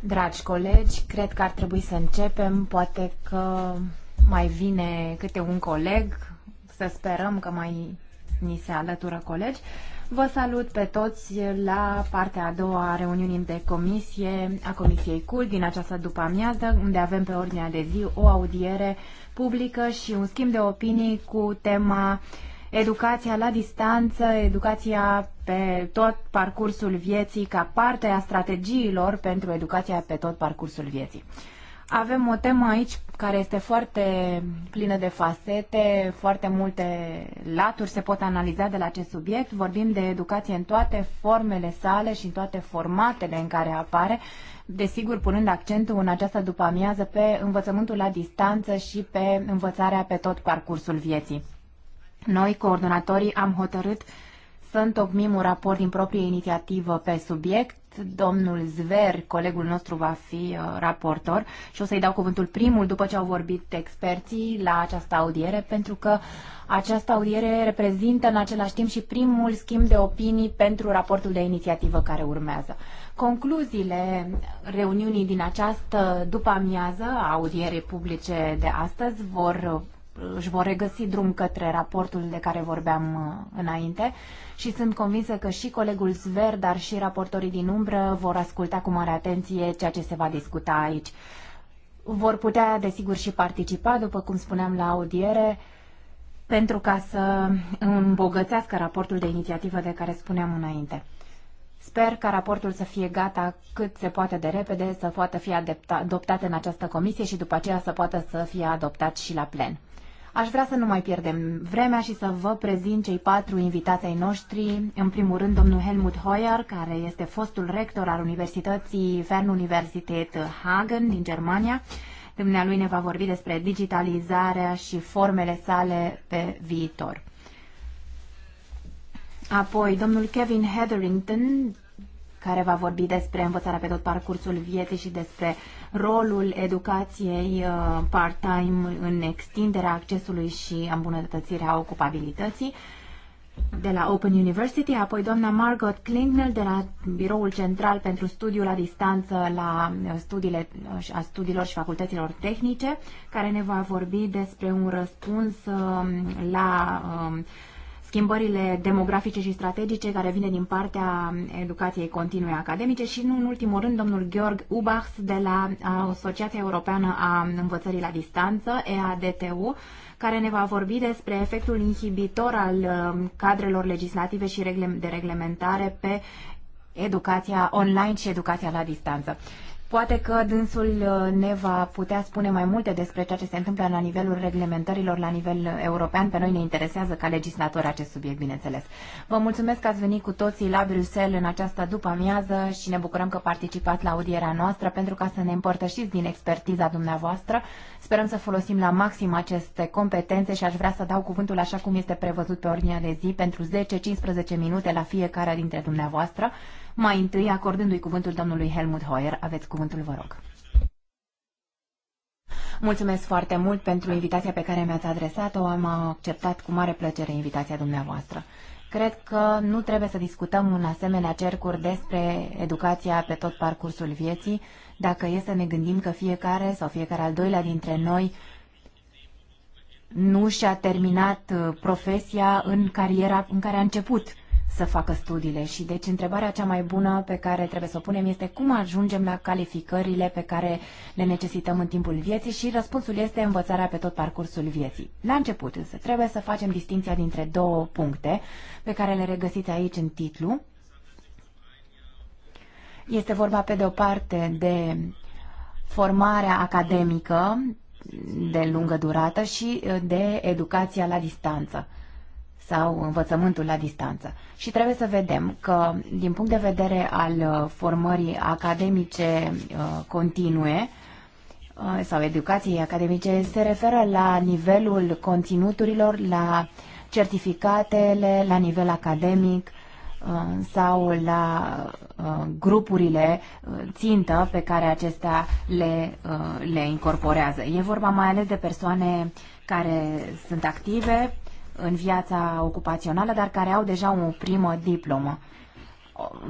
Dragi colegi, cred că ar trebui să începem. Poate că mai vine câte un coleg. Să sperăm că mai ni se alătură colegi. Vă salut pe toți la partea a doua a reuniunii de comisie a Comisiei CUL din această după-amiază, unde avem pe ordinea de zi o audiere publică și un schimb de opinii cu tema uh, educația la distanță, educația pe tot parcursul vieții ca parte a strategiilor pentru educația pe tot parcursul vieții. Avem o temă aici care este foarte plină de fasete, foarte multe laturi se pot analiza de la acest subiect. Vorbim de educație în toate formele sale și în toate formatele în care apare, desigur punând accentul în această după amiază pe învățământul la distanță și pe învățarea pe tot parcursul vieții. Noi, coordonatorii, am hotărât să întocmim un raport din proprie inițiativă pe subiect. Domnul Zver, colegul nostru, va fi uh, raportor și o să-i dau cuvântul primul după ce au vorbit experții la această audiere, pentru că această audiere reprezintă în același timp și primul schimb de opinii pentru raportul de inițiativă care urmează. Concluziile reuniunii din această după amiază, audiere publice de astăzi, vor își vor regăsi drum către raportul de care vorbeam uh, înainte și sunt convinsă că și colegul Sver, dar și raportorii din umbră vor asculta cu mare atenție ceea ce se va discuta aici. Vor putea, desigur, și participa, după cum spuneam la audiere, pentru ca să îmbogățească raportul de inițiativă de care spuneam înainte. Sper ca raportul să fie gata cât se poate de repede, să poată fi adoptat în această comisie și după aceea să poată să fie adoptat și la plen. Aș vrea să nu mai pierdem vremea și să vă prezint cei patru invitați ai noștri. În primul rând, domnul Helmut Hoyer, care este fostul rector al Universității Fernuniversität Hagen din Germania. Dumnealui ne va vorbi despre digitalizarea și formele sale pe viitor. Apoi, domnul Kevin Hetherington, care va vorbi despre învățarea pe tot parcursul vieții și despre uh, rolul educației uh, part-time în extinderea accesului și îmbunătățirea ocupabilității de la Open University, apoi doamna Margot Klingnell de la Biroul Central pentru Studiul la Distanță la uh, studiile, uh, a studiilor și facultăților tehnice, care ne va vorbi despre un răspuns um, la um, schimbările demografice și strategice care vine din partea educației continue academice și, nu în ultimul rând, domnul Georg Ubachs de la Asociația Europeană a Învățării la Distanță, EADTU, care ne va vorbi despre efectul inhibitor al um, cadrelor legislative și de reglementare pe educația online și educația la distanță. Poate că dânsul uh, ne va putea spune mai multe despre ceea ce se întâmplă la nivelul reglementărilor la nivel uh, european. Pe noi ne interesează ca legislator acest subiect, bineînțeles. Vă mulțumesc că ați venit cu toții la Bruxelles în această după-amiază și ne bucurăm că participați la audierea noastră pentru ca să ne împărtășiți din expertiza dumneavoastră Sperăm să folosim la maxim aceste competențe și aș vrea să dau cuvântul așa cum este prevăzut pe ordinea de zi pentru 10-15 minute la fiecare dintre dumneavoastră, mai întâi acordându-i cuvântul domnului Helmut Hoyer. Aveți cuvântul, vă rog. Mulțumesc foarte mult pentru invitația pe care mi-ați adresat-o. Am acceptat cu mare plăcere invitația dumneavoastră. Cred că nu trebuie să discutăm în asemenea cercuri despre educația pe tot parcursul vieții, dacă e să ne gândim că fiecare sau fiecare al doilea dintre noi nu și-a terminat uh, profesia în cariera în care a început să facă studiile și deci întrebarea cea mai bună pe care trebuie să o punem este cum ajungem la calificările pe care le necesităm în timpul vieții și răspunsul este învățarea pe tot parcursul vieții. La început însă trebuie să facem distinția dintre două puncte pe care le regăsiți aici în titlu. Este vorba pe de o parte de formarea academică de lungă durată și uh, de educația la distanță sau învățământul la distanță. Și trebuie să vedem că, din punct de vedere al uh, formării academice uh, continue uh, sau educației academice, se referă la nivelul conținuturilor, la certificatele, la nivel academic sau la grupurile țintă pe care acestea le, le incorporează. E vorba mai ales de persoane care sunt active, în viața ocupațională, dar care au deja o primă diplomă.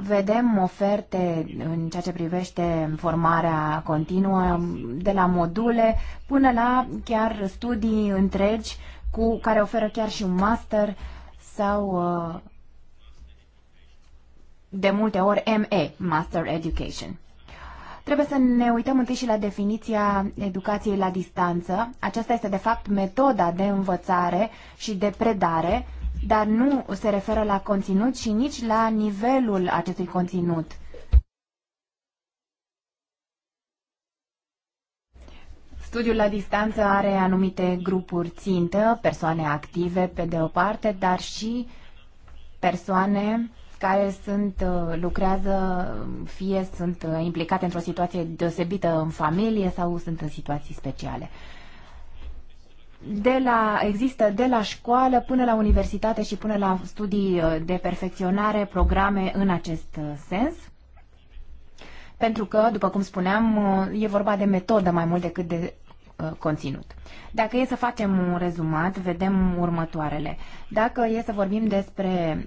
Vedem oferte în ceea ce privește formarea continuă, de la module până la chiar studii întregi cu care oferă chiar și un master sau uh, de multe ori ME, Master Education. Trebuie să ne uităm întâi și la definiția educației la distanță. Aceasta este, de fapt, metoda de învățare și de predare, dar nu se referă la conținut și nici la nivelul acestui conținut. Studiul la distanță are anumite grupuri țintă, persoane active pe de o parte, dar și persoane care sunt, uh, lucrează, fie sunt uh, implicate într-o situație deosebită în familie sau sunt în situații speciale. De la, există de la școală până la universitate și până la studii uh, de perfecționare programe în acest sens pentru că, după cum spuneam, e vorba de metodă mai mult decât de conținut. Dacă e să facem un rezumat, vedem următoarele. Dacă e să vorbim despre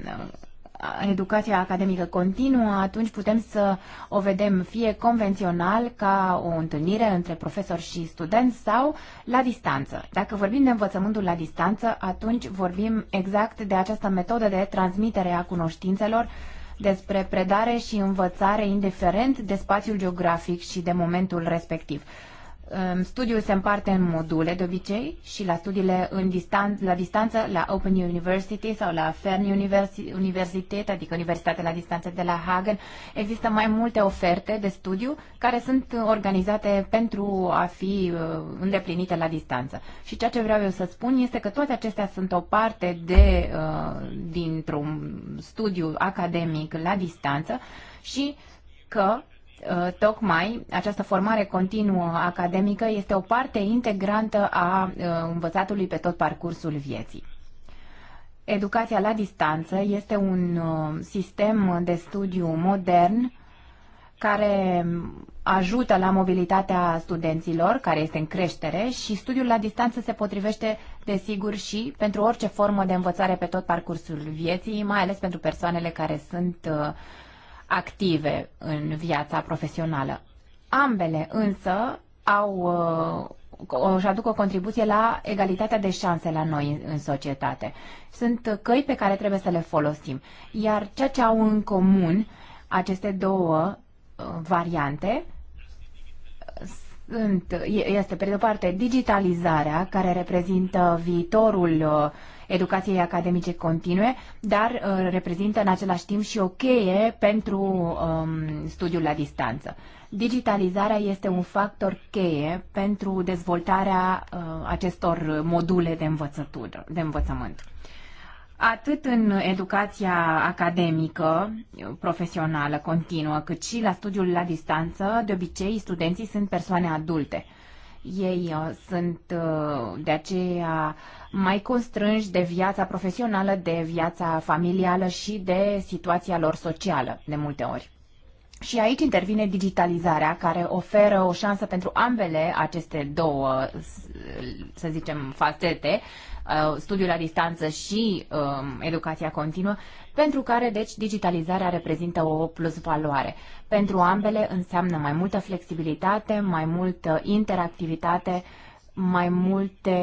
educația academică continuă, atunci putem să o vedem fie convențional, ca o întâlnire între profesor și student, sau la distanță. Dacă vorbim de învățământul la distanță, atunci vorbim exact de această metodă de transmitere a cunoștințelor despre predare și învățare indiferent de spațiul geografic și de momentul respectiv. Ehm, studiul se împarte în module de obicei și la studiile în distan- la distanță, la Open University sau la Fern University, Universitate, adică Universitatea la distanță de la Hagen, există mai multe oferte de studiu care sunt organizate pentru a fi uh, îndeplinite la distanță. Și ceea ce vreau eu să spun este că toate acestea sunt o parte de, uh, dintr-un studiu academic la distanță și că Uh, tocmai această formare continuă academică este o parte integrantă a uh, învățatului pe tot parcursul vieții. Educația la distanță este un uh, sistem de studiu modern care ajută la mobilitatea studenților, care este în creștere, și studiul la distanță se potrivește, desigur, și pentru orice formă de învățare pe tot parcursul vieții, mai ales pentru persoanele care sunt uh, active în viața profesională. Ambele însă au, își uh, aduc o contribuție la egalitatea de șanse la noi în societate. Sunt căi pe care trebuie să le folosim. Iar ceea ce au în comun aceste două uh, variante sunt, este, pe de o parte, digitalizarea, care reprezintă viitorul uh, educației academice continue, dar uh, reprezintă în același timp și o cheie pentru um, studiul la distanță. Digitalizarea este un factor cheie pentru dezvoltarea uh, acestor module de învățătură, de învățământ atât în educația academică, profesională, continuă, cât și la studiul la distanță, de obicei studenții sunt persoane adulte. Ei uh, sunt uh, de aceea mai constrânși de viața profesională, de viața familială și de situația lor socială, de multe ori. Și aici intervine digitalizarea, care oferă o șansă pentru ambele aceste două, să zicem, fațete, uh, studiul la distanță și um, educația continuă, pentru care, deci, digitalizarea reprezintă o plus valoare. Pentru ambele înseamnă mai multă flexibilitate, mai multă interactivitate, mai multe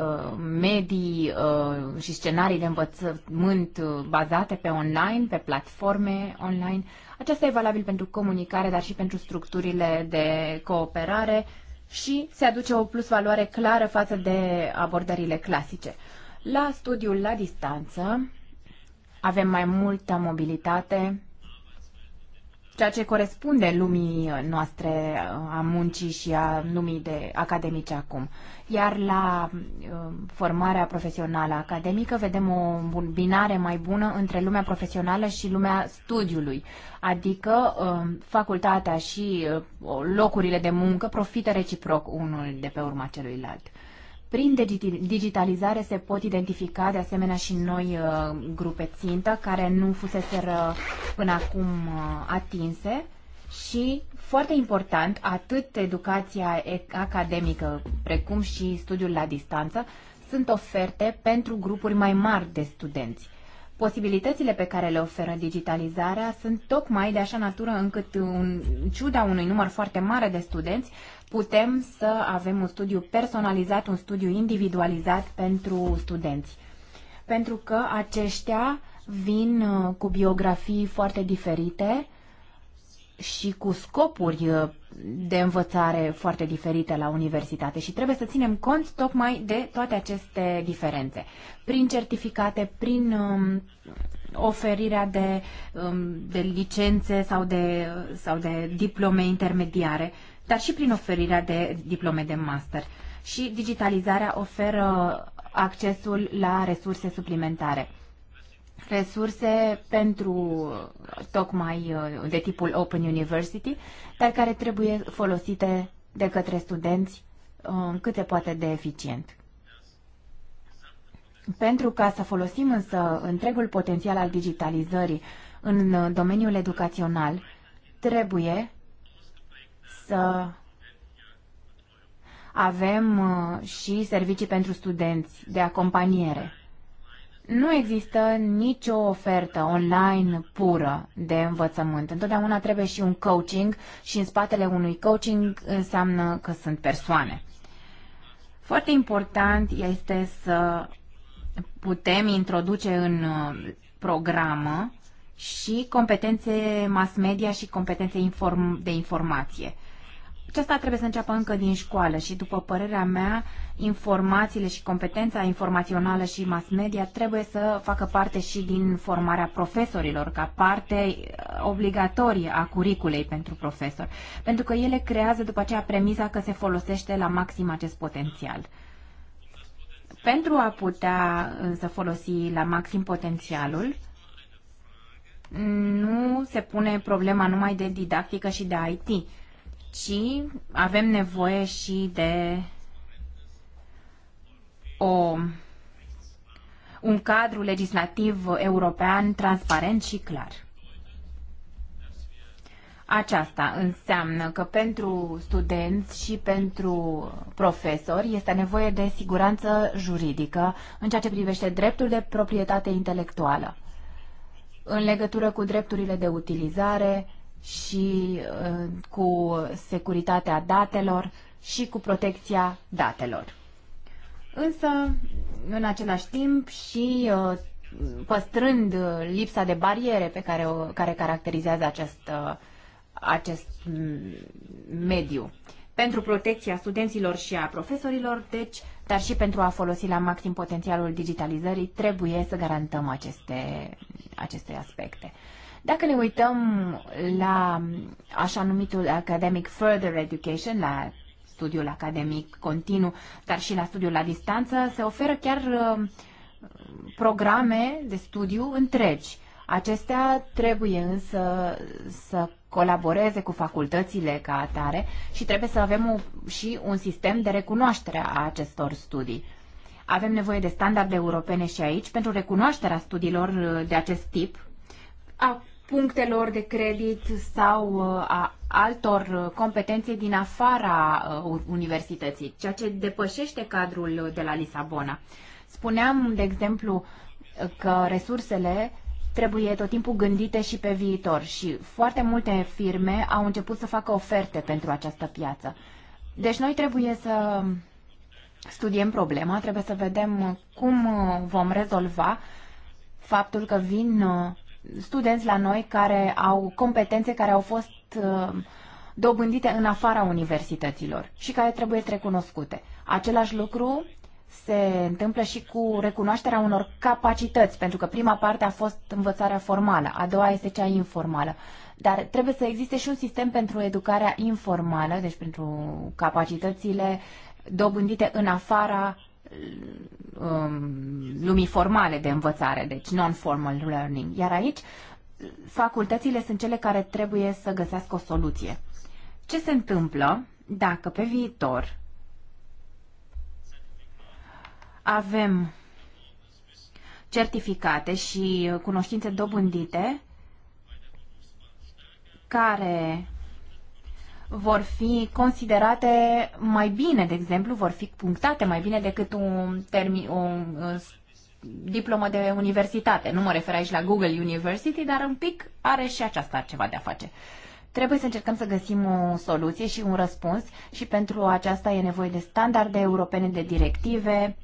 uh, medii uh, și scenarii de învățământ uh, bazate pe online, pe platforme online. Aceasta e valabil pentru comunicare, dar și pentru structurile de cooperare și se aduce o plus valoare clară față de abordările clasice. La studiul la distanță, avem mai multă mobilitate, ceea ce corespunde lumii noastre a muncii și a lumii de academice acum. Iar la uh, formarea profesională academică vedem o binare mai bună între lumea profesională și lumea studiului, adică uh, facultatea și uh, locurile de muncă profită reciproc unul de pe urma celuilalt. Prin digitalizare se pot identifica de asemenea și noi uh, grupe țintă care nu fusese până acum uh, atinse și, foarte important, atât educația academică precum și studiul la distanță sunt oferte pentru grupuri mai mari de studenți. Posibilitățile pe care le oferă digitalizarea sunt tocmai de așa natură încât, în ciuda unui număr foarte mare de studenți, putem să avem un studiu personalizat, un studiu individualizat pentru studenți. Pentru că aceștia vin uh, cu biografii foarte diferite și cu scopuri uh, de învățare foarte diferite la universitate și trebuie să ținem cont tocmai de toate aceste diferențe. Prin certificate, prin um, oferirea de, um, de licențe sau de, sau de diplome intermediare, dar și prin oferirea de diplome de master. Și digitalizarea oferă accesul la resurse suplimentare. Resurse pentru tocmai uh, de tipul Open University, dar care trebuie folosite de către studenți uh, cât se poate de eficient. Pentru ca să folosim însă întregul potențial al digitalizării în domeniul educațional, trebuie să avem uh, și servicii pentru studenți de acompaniere. Nu există nicio ofertă online pură de învățământ. Întotdeauna trebuie și un coaching și în spatele unui coaching înseamnă că sunt persoane. Foarte important este să putem introduce în uh, programă și competențe mass media și competențe inform- de informație. Aceasta trebuie să înceapă încă din școală și, după părerea mea, informațiile și competența informațională și mass media trebuie să facă parte și din formarea profesorilor, ca parte uh, obligatorie a curiculei pentru profesor, pentru că ele creează după aceea premiza că se folosește la maxim acest potențial. Pentru a putea să folosi la maxim potențialul, nu se pune problema numai de didactică și de IT, ci avem nevoie și de o, un cadru legislativ european transparent și clar. Aceasta înseamnă că pentru studenți și pentru profesori este nevoie de siguranță juridică în ceea ce privește dreptul de proprietate intelectuală, în legătură cu drepturile de utilizare și uh, cu securitatea datelor și cu protecția datelor. Însă, în același timp și uh, păstrând lipsa de bariere pe care, o, care caracterizează această uh, acest mediu. Pentru protecția studenților și a profesorilor, deci, dar și pentru a folosi la maxim potențialul digitalizării, trebuie să garantăm aceste, aceste aspecte. Dacă ne uităm la așa numitul Academic Further Education, la studiul academic continuu, dar și la studiul la distanță, se oferă chiar uh, programe de studiu întregi. Acestea trebuie însă să colaboreze cu facultățile ca atare și trebuie să avem o, și un sistem de recunoaștere a acestor studii. Avem nevoie de standarde europene și aici pentru recunoașterea studiilor uh, de acest tip, a punctelor de credit sau uh, a altor uh, competențe din afara universității, ceea ce depășește cadrul de la Lisabona. Spuneam, de exemplu, că resursele trebuie tot timpul gândite și pe viitor și foarte multe firme au început să facă oferte pentru această piață. Deci noi trebuie să studiem problema, trebuie să vedem cum vom rezolva faptul că vin uh, studenți la noi care au competențe care au fost uh, dobândite în afara universităților și care trebuie recunoscute. Același lucru se întâmplă și cu recunoașterea unor capacități, pentru că prima parte a fost învățarea formală, a doua este cea informală. Dar trebuie să existe și un sistem pentru educarea informală, deci pentru capacitățile dobândite în afara um, lumii formale de învățare, deci non-formal learning. Iar aici, facultățile sunt cele care trebuie să găsească o soluție. Ce se întâmplă dacă pe viitor avem certificate și cunoștințe dobândite care vor fi considerate mai bine, de exemplu, vor fi punctate mai bine decât un termi, o uh, diplomă de universitate. Nu mă refer aici la Google University, dar un pic are și aceasta ceva de a face. Trebuie să încercăm să găsim o soluție și un răspuns și pentru aceasta e nevoie de standarde europene de directive,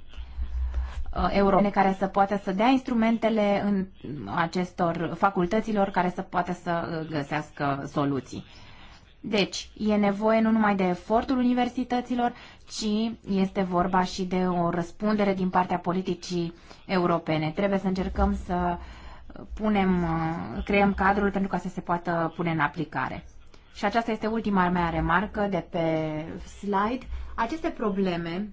Uh, europene care să poată să dea instrumentele în acestor facultăților care să poată să uh, găsească soluții. Deci, e nevoie nu numai de efortul universităților, ci este vorba și de o răspundere din partea politicii europene. Trebuie să încercăm să punem, uh, creăm cadrul pentru ca să se poată pune în aplicare. Și aceasta este ultima mea remarcă de pe slide. Aceste probleme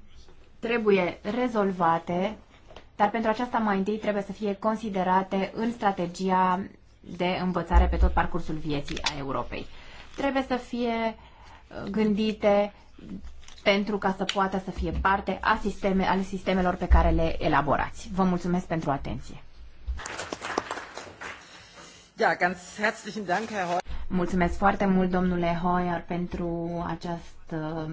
trebuie rezolvate dar pentru aceasta mai întâi trebuie să fie considerate în strategia de învățare pe tot parcursul vieții a Europei. Trebuie să fie uh, gândite pentru ca să poată să fie parte a sisteme, ale sistemelor pe care le elaborați. Vă mulțumesc pentru atenție. Ja, ganz herzlichen Dank, Herr Mulțumesc foarte mult, domnule Hoyer, pentru această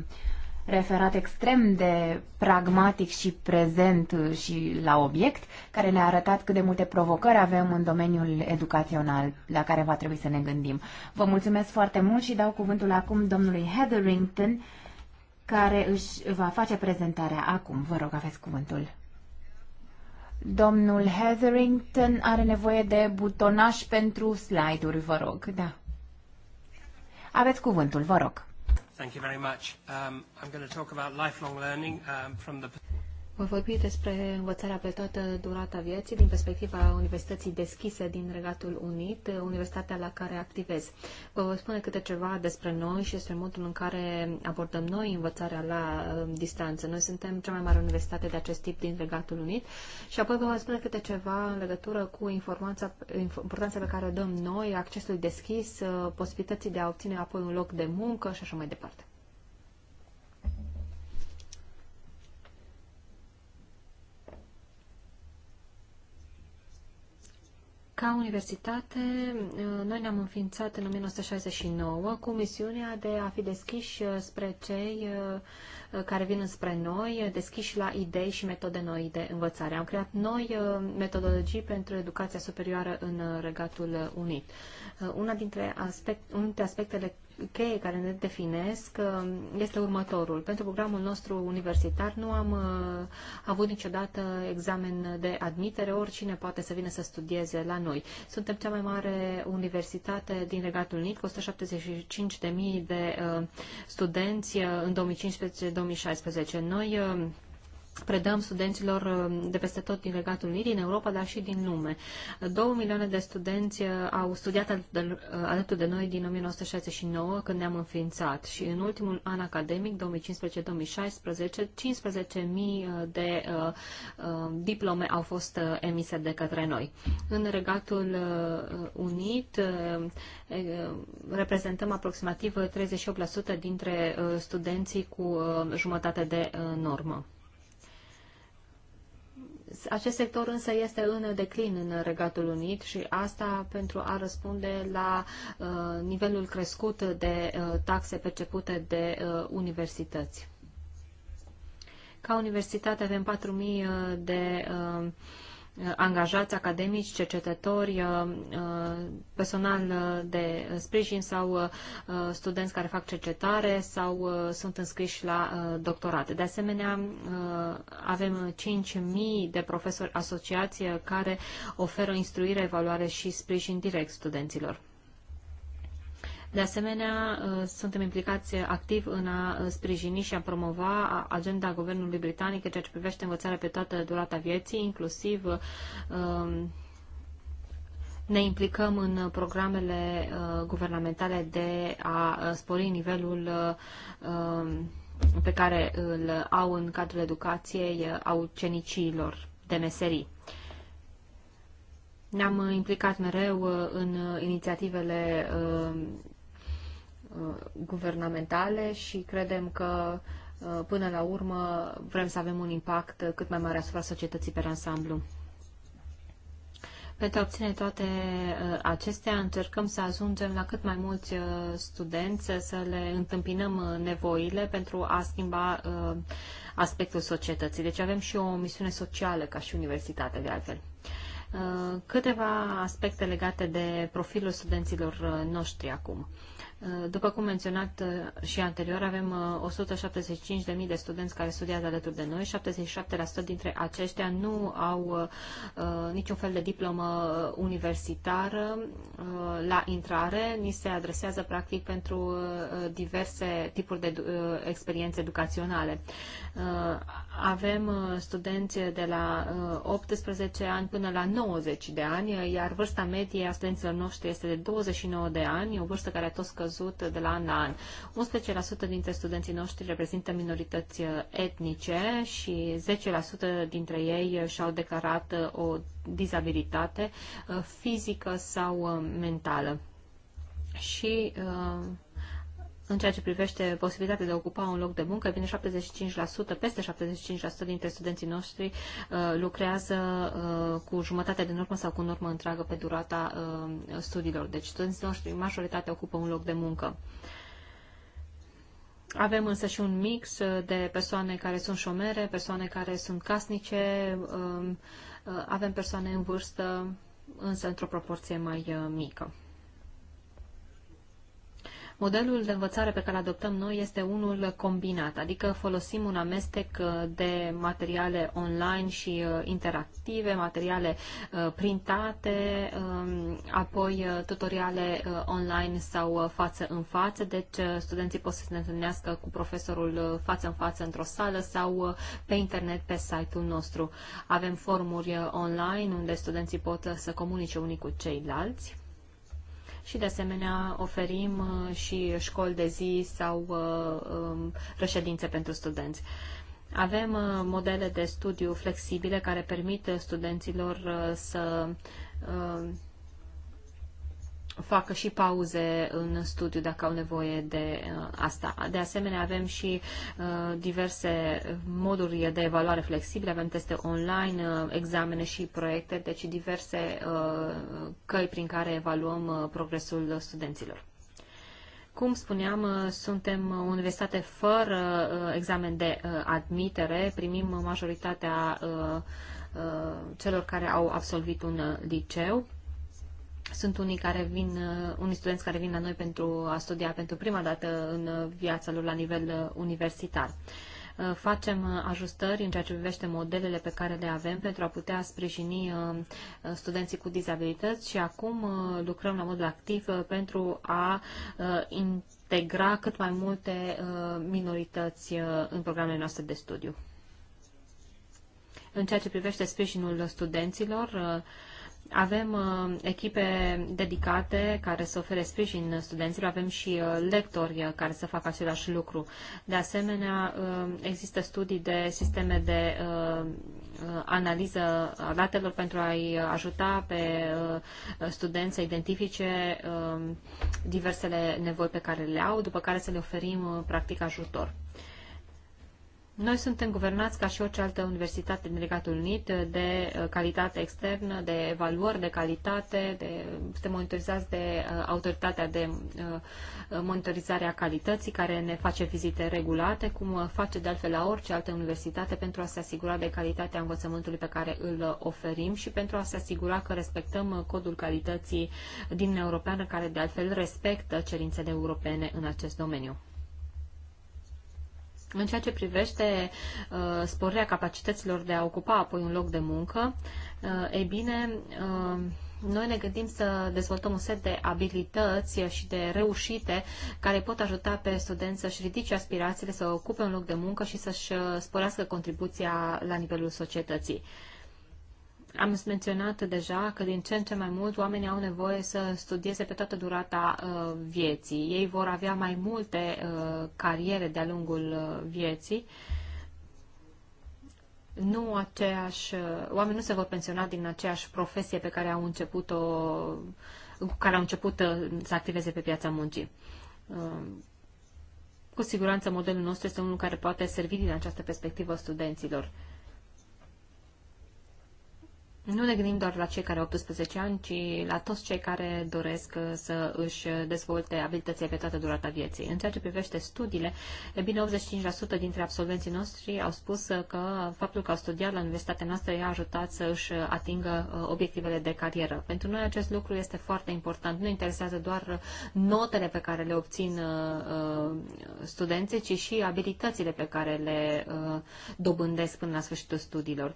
referat extrem de pragmatic și prezent uh, și la obiect, care ne-a arătat cât de multe provocări avem în domeniul educațional la care va trebui să ne gândim. Vă mulțumesc foarte mult și dau cuvântul acum domnului Hetherington, care își va face prezentarea acum. Vă rog, aveți cuvântul. Domnul Hetherington are nevoie de butonaj pentru slide-uri, vă rog, da. Aveți cuvântul, vă rog. Thank you very much. Um, I'm going to talk about lifelong learning um, from the voi vorbi despre învățarea pe toată durata vieții din perspectiva Universității Deschise din Regatul Unit, universitatea la care activez. Vă voi spune câte ceva despre noi și despre modul în care abordăm noi învățarea la um, distanță. Noi suntem cea mai mare universitate de acest tip din Regatul Unit și apoi vă voi spune câte ceva în legătură cu importanța, importanța pe care o dăm noi, accesul deschis, uh, posibilității de a obține apoi un loc de muncă și așa mai departe. Ca universitate, noi ne-am înființat în 1969 cu misiunea de a fi deschiși spre cei Uh, care vin înspre noi, uh, deschiși la idei și metode noi de învățare. Am creat noi uh, metodologii pentru educația superioară în Regatul Unit. Una dintre aspect, unul dintre aspectele cheie care ne definesc este următorul. Pentru programul nostru universitar nu am avut niciodată examen de admitere, oricine poate să vină să studieze la noi. Suntem cea mai mare universitate din Regatul Unit, cu 175.000 de studenți în 2015 2016. Noi uh, predăm studenților um, de peste tot din Regatul Unit, din Europa, dar și din lume. Două milioane de studenți uh, au studiat alături de noi din 1969, când ne-am înființat. Și în ultimul an academic, 2015-2016, 15.000 uh, de uh, um, diplome au fost emise de către noi. În Regatul Unit reprezentăm aproximativ 38% dintre studenții cu jumătate de normă. Acest sector însă este în declin în Regatul Unit și asta pentru a răspunde la uh, nivelul crescut de uh, taxe percepute de uh, universități. Ca universitate avem 4.000 de Eh, angajați academici, cercetători, eh, eh, personal de sprijin sau studenți care fac cercetare sau sunt înscriși la doctorate. De asemenea, avem 5.000 de profesori asociați care oferă instruire, evaluare și sprijin direct studenților. De asemenea, uh, suntem implicați activ în a uh, sprijini și a promova agenda guvernului britanic în ceea ce privește învățarea pe toată durata vieții, inclusiv uh, um, ne implicăm în programele guvernamentale de a spori nivelul um, pe care îl au în cadrul educației a ucenicilor de meserii. Ne-am implicat mereu în inițiativele Uh, guvernamentale și credem că uh, până la urmă vrem să avem un impact cât mai mare asupra societății pe ansamblu. Pentru a obține toate uh, acestea, încercăm să ajungem la cât mai mulți studenți, să le întâmpinăm nevoile pentru a schimba aspectul societății. Deci avem și o misiune socială ca și universitate, de altfel. Câteva aspecte legate de profilul studenților noștri acum. Eh, după cum menționat eh, și anterior, avem 175.000 eh, de studenți care studiază alături de noi. 77% dintre aceștia nu au niciun fel de diplomă universitară la intrare. Ni se adresează practic pentru diverse tipuri de experiențe educaționale. Uh, avem uh, studenți de la 18 uh, ani până la 90 de ani, iar vârsta medie a studenților noștri este de 29 de ani, o vârstă care a tot scăzut de la an la an. 11% dintre studenții noștri reprezintă minorități etnice și 10% dintre ei și-au declarat o dizabilitate fizică sau mentală. Și uh, în ceea ce privește posibilitatea de a ocupa un loc de muncă, vine 75%, peste 75% dintre studenții noștri uh, lucrează uh, cu jumătate de normă sau cu normă întreagă pe durata uh, studiilor. Deci studenții noștri, majoritatea, ocupă un loc de muncă. Avem însă și un mix uh, de persoane care sunt șomere, persoane care sunt casnice, um, uh, avem persoane în vârstă, însă într-o proporție mai uh, mică. Modelul de învățare pe care îl adoptăm noi este unul combinat, adică folosim un amestec uh, de materiale online și uh, interactive, materiale uh, printate, um, apoi tutoriale online sau față în față, deci studenții pot să se întâlnească cu profesorul față în față într-o sală sau pe internet pe site-ul nostru. Avem forumuri online unde studenții pot să comunice unii cu ceilalți și de asemenea oferim uh, și școli de zi sau uh, um, reședințe pentru studenți. Avem uh, modele de studiu flexibile care permit studenților să facă și pauze în studiu dacă au nevoie de uh, asta. De asemenea, avem și uh, diverse moduri de evaluare flexibile, avem teste online, uh, examene și proiecte, deci diverse căi prin care evaluăm progresul studenților. Cum spuneam, suntem o universitate fără examen de admitere, primim majoritatea celor care au absolvit un liceu sunt unii care vin, uh, unii studenți care vin la noi pentru a studia pentru prima dată în uh, viața lor la nivel uh, universitar facem ajustări în ceea ce privește modelele pe care le avem pentru a putea sprijini studenții cu dizabilități și acum lucrăm la modul activ pentru a integra cât mai multe minorități în programele noastre de studiu. În ceea ce privește sprijinul studenților, avem uh, echipe dedicate care să ofere sprijin studenților, avem și uh, lectori uh, care să facă același lucru. De asemenea, există studii de sisteme de analiză a datelor pentru a-i ajuta pe studenți să identifice diversele nevoi pe care le au, după care să le oferim practic ajutor. Noi suntem guvernați ca și orice altă universitate din Regatul Unit uh, de uh, calitate externă, de evaluări de calitate, de, suntem monitorizați de uh, autoritatea de monitorizare a calității care ne face vizite regulate, cum face de altfel la orice altă universitate pentru a se asigura de calitatea învățământului pe care îl oferim și pentru a se asigura că respectăm codul calității din Europeană care de altfel respectă cerințele europene în acest domeniu. În ceea ce privește uh, sporirea capacităților de a ocupa apoi un loc de muncă, uh, ei bine, uh, noi ne gândim să dezvoltăm un set de abilități și de reușite care pot ajuta pe studenți să-și ridice aspirațiile, să ocupe un loc de muncă și să-și uh, sporească contribuția la nivelul societății. Uh, am menționat deja că din ce în ce mai mult oamenii au nevoie să studieze pe toată durata uh, vieții. Ei vor avea mai multe uh, cariere de-a lungul uh, vieții. Nu aceeași, uh, oamenii nu se vor pensiona din aceeași profesie pe care au început-o, care au început uh, să activeze pe piața muncii. Uh, cu siguranță modelul nostru este unul care poate servi din această perspectivă studenților nu ne gândim doar la cei care au 18 ani, ci la toți cei care doresc uh, să își uh, dezvolte abilitățile pe toată durata vieții. În ceea ce privește studiile, e bine 85% dintre absolvenții noștri au spus uh, că faptul că au studiat la universitatea noastră i-a ajutat să își atingă obiectivele de carieră. Pentru noi acest lucru este foarte important. Nu interesează doar notele pe care le obțin studenții, ci și abilitățile pe care le dobândesc până la sfârșitul studiilor.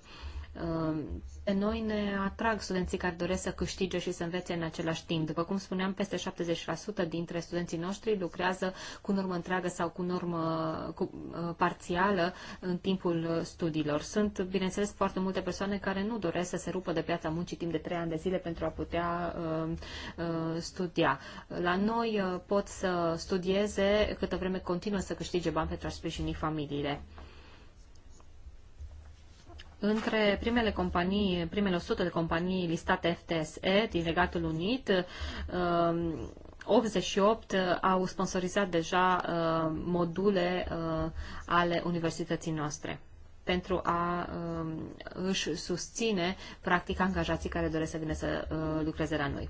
Ehm, pe noi ne atrag studenții care doresc să câștige și să învețe în același timp. După cum spuneam, peste 70% dintre studenții noștri lucrează cu normă întreagă sau cu normă cu, eh, parțială în timpul eh, studiilor. Sunt, bineînțeles, foarte multe persoane care nu doresc să se rupă de piața muncii timp de 3 ani de zile pentru a putea uh, uh, studia. La noi uh, pot să studieze câtă vreme continuă să câștige bani pentru a sprijini familiile între primele companii, primele 100 de companii listate FTSE din Regatul Unit, 88 um, au sponsorizat deja uh, module uh, ale universității noastre pentru a um, își susține, practic, angajații care doresc să vină să uh, lucreze la noi.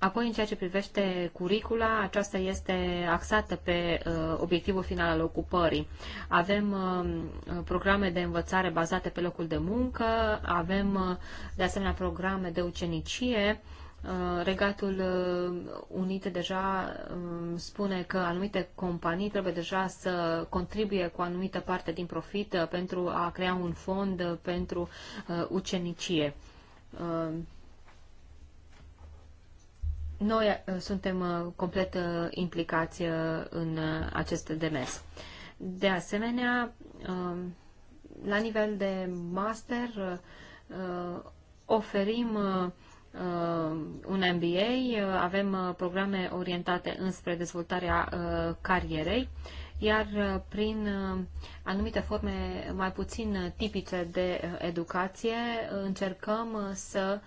Apoi, în ceea ce privește curicula, aceasta este axată pe uh, obiectivul final al ocupării. Avem uh, programe de învățare bazate pe locul de muncă, avem uh, de asemenea programe de ucenicie. Uh, Regatul uh, Unit deja uh, spune că anumite companii trebuie deja să contribuie cu anumită parte din profit uh, pentru a crea un fond uh, pentru uh, ucenicie noi uh, suntem uh, complet uh, implicați în acest demers. De asemenea, um, la nivel de master, oferim un MBA, avem programe orientate înspre dezvoltarea carierei, iar prin anumite forme mai puțin tipice de educație încercăm să uh,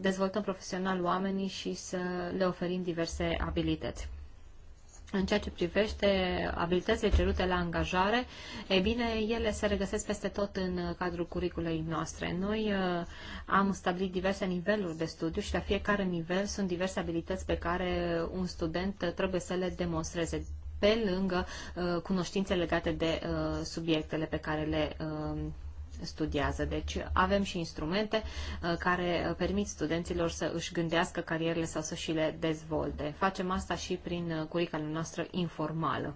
dezvoltăm profesional oamenii și să le oferim diverse abilități. În ceea ce privește abilitățile cerute la angajare, e bine, ele se regăsesc peste tot în cadrul curiculei noastre. Noi uh, am stabilit diverse niveluri de studiu și la fiecare nivel sunt diverse abilități pe care un student trebuie să le demonstreze pe lângă uh, cunoștințe legate de uh, subiectele pe care le uh, studiază. Deci avem și instrumente uh, care uh, permit studenților să își gândească carierele sau să și le dezvolte. Facem asta și prin uh, curicula noastră informală.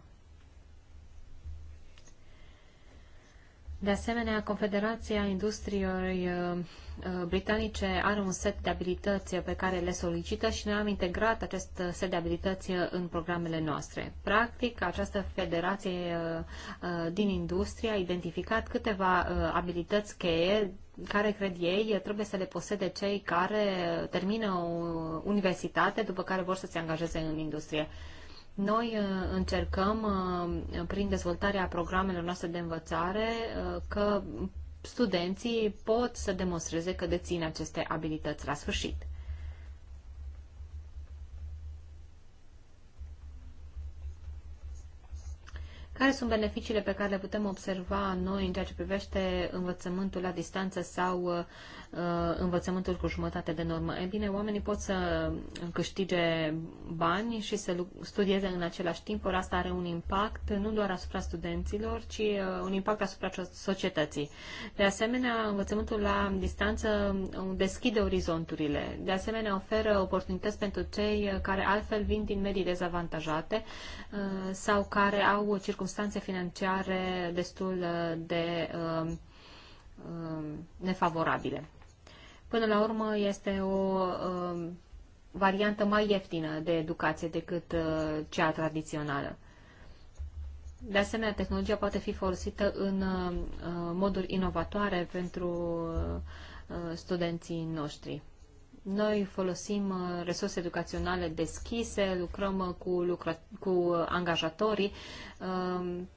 De asemenea, Confederația Industriei uh, uh, Britanice are un set de abilități pe care le solicită și noi am integrat acest set de abilități în programele noastre. Practic, această federație uh, din industrie a identificat câteva abilități cheie care cred ei trebuie să le posede cei care termină o universitate, după care vor să se angajeze în industrie. Noi uh, încercăm, uh, prin dezvoltarea programelor noastre de învățare, uh, că studenții pot să demonstreze că dețin aceste abilități la sfârșit. Care sunt beneficiile pe care le putem observa noi în ceea ce privește învățământul la distanță sau uh, uh învățământul cu jumătate de normă? E bine, oamenii pot să câștige bani și să studieze în același timp, ori asta are un impact nu doar asupra studenților, ci uh, un impact asupra societății. De asemenea, învățământul la distanță um, deschide orizonturile. De asemenea, oferă oportunități pentru cei care altfel vin din medii dezavantajate uh, sau care au circunstanțe circunstanțe financiare destul uh, de um, um, nefavorabile. Până la urmă, este o um, variantă mai ieftină de educație decât uh, cea tradițională. De asemenea, tehnologia poate fi folosită în uh, moduri inovatoare pentru studenții noștri. Noi folosim uh, resurse educaționale deschise, lucrăm uh, cu, lucra, cu uh, angajatorii, um,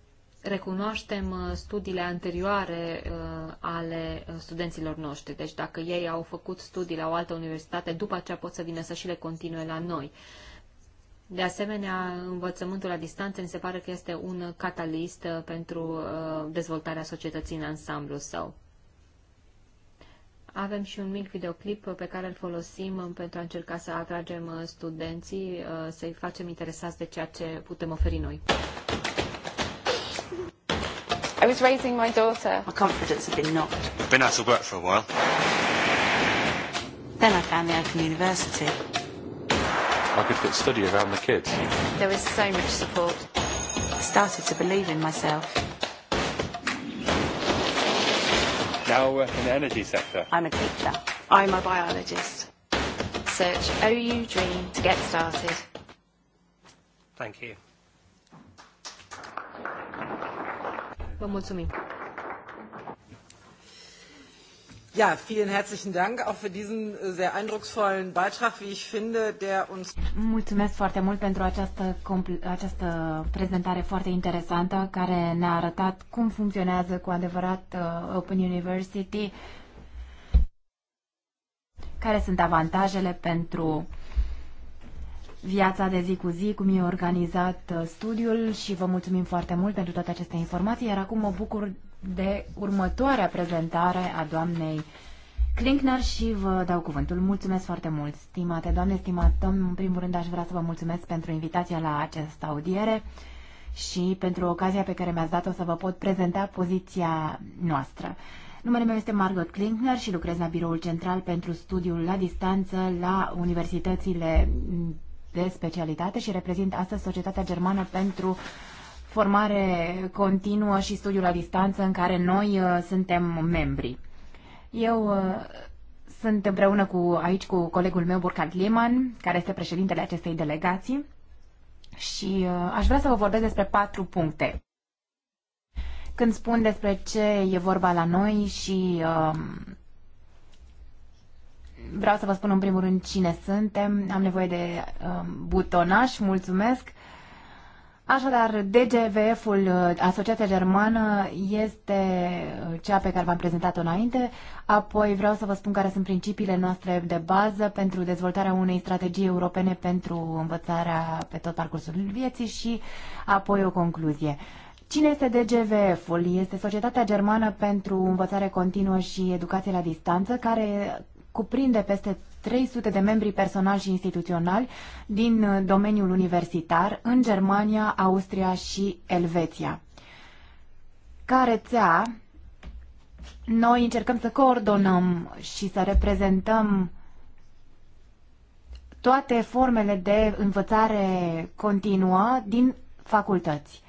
recunoaștem studiile anterioare ale studenților noștri. Deci dacă ei au făcut studii la o altă universitate, după aceea pot să vină să și le continue la noi. De asemenea, învățământul la distanță mi se pare că este un catalist pentru dezvoltarea societății în ansamblu său. Avem și un mic videoclip pe care îl folosim uh, pentru a încerca să atragem uh, studenții, uh, să-i facem interesați de ceea ce putem oferi noi. I was raising my daughter. My confidence had been knocked. I've been out of work for a while. Then I found the Open University. I could fit study around the kids. There was so much support. I started to believe in myself. Now I work in the energy sector. I'm a teacher. I'm a biologist. Search OU Dream to get started. Thank you. Vă mulțumim. Ja, vielen herzlichen Dank auch für diesen äh, sehr eindrucksvollen Beitrag, wie ich finde, der uns Mulțumesc foarte mult pentru această această prezentare foarte interesantă care ne-a arătat cum funcționează cu adevărat uh, Open University, care sunt avantajele pentru viața de zi cu zi, cum e organizat uh, studiul și vă mulțumim foarte mult pentru toate aceste informații, iar acum mă bucur de următoarea prezentare a doamnei Klinkner și vă dau cuvântul. Mulțumesc foarte mult, stimate doamne, stimate domn. În primul rând aș vrea să vă mulțumesc pentru invitația la această audiere și pentru ocazia pe care mi-ați dat-o să vă pot prezenta poziția noastră. Numele meu este Margot Klinkner și lucrez la Biroul Central pentru Studiul la Distanță la universitățile de specialitate și reprezint astăzi Societatea Germană pentru formare continuă și studiul la distanță în care noi uh, suntem membri. Eu uh, sunt împreună cu, aici cu colegul meu, Burkhard Lehmann, care este președintele acestei delegații și uh, aș vrea să vă vorbesc despre patru puncte. Când spun despre ce e vorba la noi și um, vreau să vă spun în primul rând cine suntem. Am nevoie de um, butonaș, mulțumesc. Așadar, DGVF-ul, uh, Asociația Germană, este uh, cea pe care v-am prezentat-o înainte. Apoi vreau să vă spun care sunt principiile noastre de bază pentru dezvoltarea unei strategii europene pentru învățarea pe tot parcursul vieții și apoi o concluzie. Cine este DGVF-ul? Este Societatea Germană pentru Învățare Continuă și Educație la Distanță, care cuprinde peste 300 de membri personali și instituționali din uh, domeniul universitar în Germania, Austria și Elveția. Ca rețea, noi încercăm să coordonăm și să reprezentăm toate formele de învățare continuă din facultăți.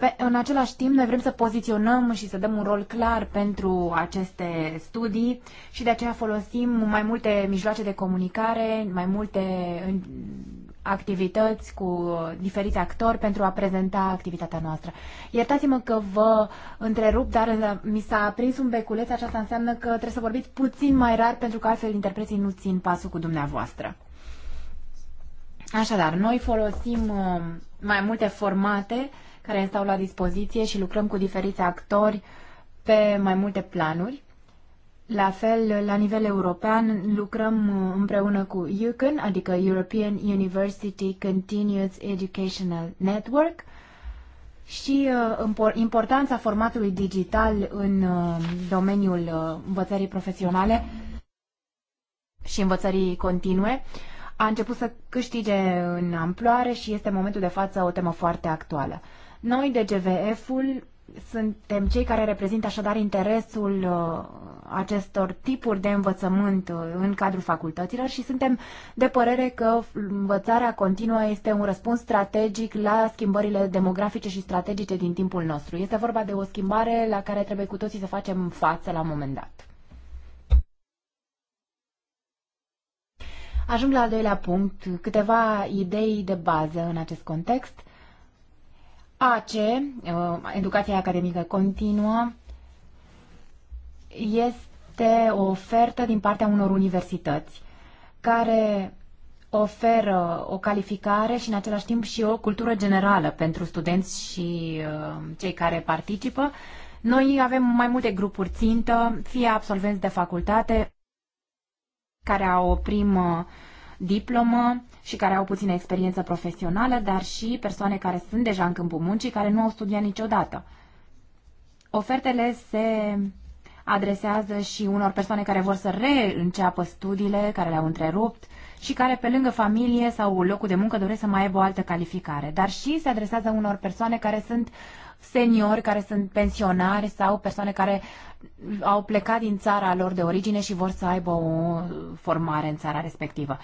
Pe, în același timp, noi vrem să poziționăm și să dăm un rol clar pentru aceste studii și de aceea folosim mai multe mijloace de comunicare, mai multe activități cu diferiți actori pentru a prezenta activitatea noastră. Iertați-mă că vă întrerup, dar mi s-a prins un beculeț, aceasta înseamnă că trebuie să vorbiți puțin mai rar pentru că altfel interpreții nu țin pasul cu dumneavoastră. Așadar, noi folosim uh, mai multe formate care stau la dispoziție și lucrăm cu diferiți actori pe mai multe planuri. La fel, la nivel european, lucrăm uh, împreună cu UCAN, adică European University Continuous Educational Network, și uh, importanța formatului digital în uh, domeniul învățării profesionale și învățării continue a început să câștige în amploare și este momentul de față o temă foarte actuală. Noi de GVF-ul suntem cei care reprezintă așadar interesul uh, acestor tipuri de învățământ uh, în cadrul facultăților și suntem de părere că învățarea continuă este un răspuns strategic la schimbările demografice și strategice din timpul nostru. Este vorba de o schimbare la care trebuie cu toții să facem față la un moment dat. Ajung la al doilea punct, câteva idei de bază în acest context – AC, uh, educația academică continuă, este o ofertă din partea unor universități care oferă o calificare și în același timp și o cultură generală pentru studenți și uh, cei care participă. Noi avem mai multe grupuri țintă, fie absolvenți de facultate care au o primă diplomă, și care au puțină experiență profesională, dar și persoane care sunt deja în câmpul muncii, care nu au studiat niciodată. Ofertele se adresează și unor persoane care vor să reînceapă studiile care le-au întrerupt și care pe lângă familie sau locul de muncă doresc să mai aibă o altă calificare, dar și se adresează unor persoane care sunt seniori, care sunt pensionari sau persoane care au plecat din țara lor de origine și vor să aibă o formare în țara respectivă.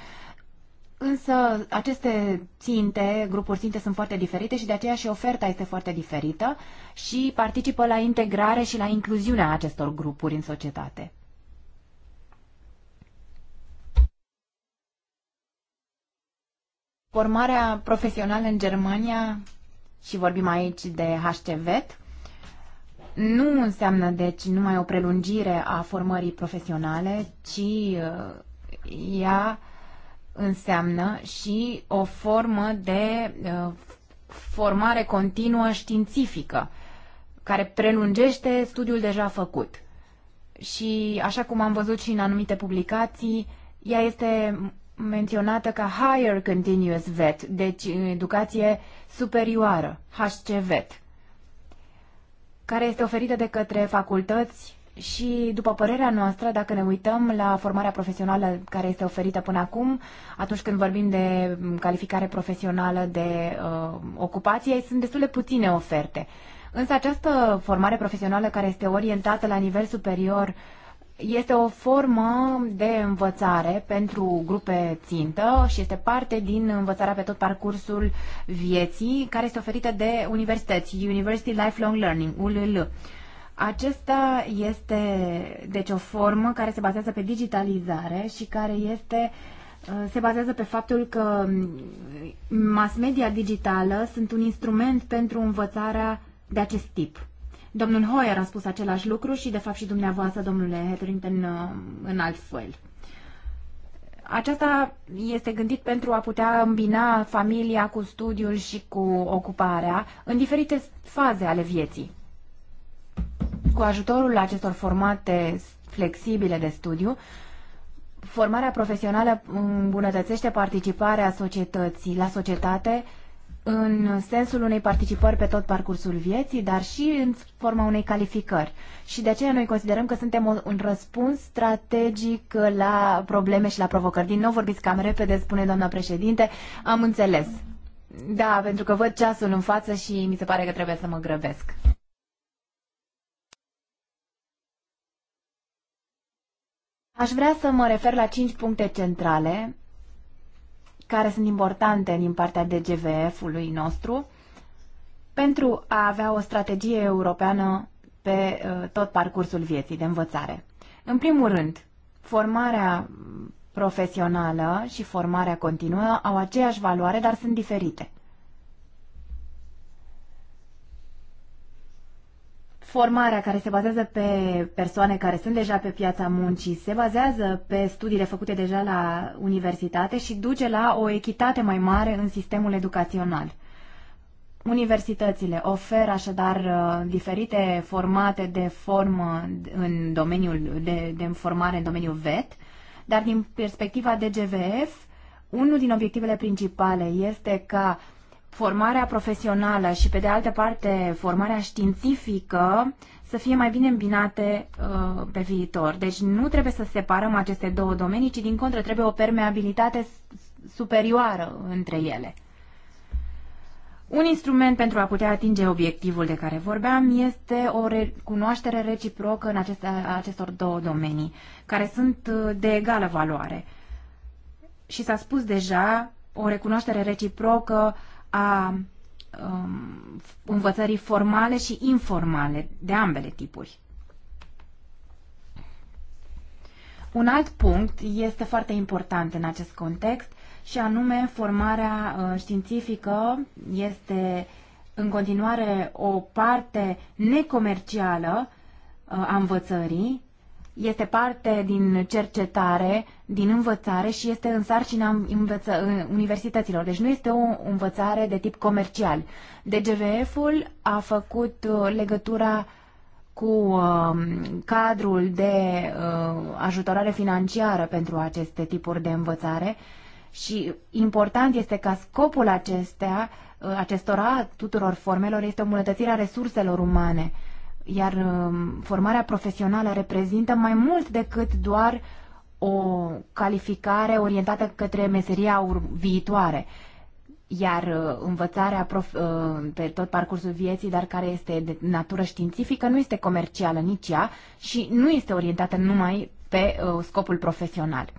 Însă aceste ținte, grupuri ținte sunt foarte diferite și de aceea și oferta este foarte diferită și participă la integrare și la incluziunea acestor grupuri în societate. Formarea profesională în Germania, și vorbim aici de HCVET, nu înseamnă deci numai o prelungire a formării profesionale, ci uh, ea uh, înseamnă și o formă de uh, formare continuă științifică care prelungește studiul deja făcut. Și așa cum am văzut și în anumite publicații, ea este menționată ca Higher Continuous VET, deci educație superioară, HCVET, care este oferită de către facultăți și, după părerea noastră, dacă ne uităm la formarea profesională care este oferită până acum, atunci când vorbim de mm, calificare profesională, de uh, ocupație, sunt destul de puține oferte. Însă această formare profesională care este orientată la nivel superior este o formă de învățare pentru grupe țintă și este parte din învățarea pe tot parcursul vieții care este oferită de universități, University Lifelong Learning, ULL. Acesta este, deci, o formă care se bazează pe digitalizare și care este uh, se bazează pe faptul că mm, mass media digitală sunt un instrument pentru învățarea de acest tip. Domnul Hoyer a spus același lucru și, de fapt, și dumneavoastră, domnule Hetherington, uh, în alt fel. Aceasta este gândit pentru a putea îmbina familia cu studiul și cu ocuparea în diferite faze ale vieții cu ajutorul acestor formate flexibile de studiu, formarea profesională îmbunătățește participarea societății la societate în sensul unei participări pe tot parcursul vieții, dar și în forma unei calificări. Și de aceea noi considerăm că suntem un răspuns strategic la probleme și la provocări. Din nou vorbiți cam repede, spune doamna președinte, am înțeles. Da, pentru că văd ceasul în față și mi se pare că trebuie să mă grăbesc. Aș vrea să mă refer la cinci puncte centrale care sunt importante din partea DGVF-ului nostru pentru a avea o strategie europeană pe uh, tot parcursul vieții de învățare. În primul rând, formarea profesională și formarea continuă au aceeași valoare, dar sunt diferite. Formarea care se bazează pe persoane care sunt deja pe piața muncii se bazează pe studiile făcute deja la universitate și duce la o echitate mai mare în sistemul educațional. Universitățile oferă așadar uh, diferite formate de formă în domeniul de, de formare în domeniul VET, dar din perspectiva DGVF, unul din obiectivele principale este ca formarea profesională și, pe de altă parte, formarea științifică să fie mai bine îmbinate uh, pe viitor. Deci nu trebuie să separăm aceste două domenii, ci, din contră, trebuie o permeabilitate superioară între ele. Un instrument pentru a putea atinge obiectivul de care vorbeam este o recunoaștere reciprocă în aceste, acestor două domenii, care sunt uh, de egală valoare. Și s-a spus deja, o recunoaștere reciprocă uh, a um, învățării formale și informale, de ambele tipuri. Un alt punct este foarte important în acest context și anume formarea uh, științifică este în continuare o parte necomercială uh, a învățării este parte din cercetare, din învățare și este în sarcina învăță- universităților. Deci nu este o învățare de tip comercial. DGVF-ul a făcut uh, legătura cu um, cadrul de uh, ajutorare financiară pentru aceste tipuri de învățare și important este ca scopul acestea, uh, acestora, tuturor formelor, este o resurselor umane iar um, formarea profesională reprezintă mai mult decât doar o calificare orientată către meseria viitoare. Iar uh, învățarea uh, pe tot parcursul vieții, dar care este de natură științifică, nu este comercială nici ea și nu este orientată numai pe uh, scopul profesional.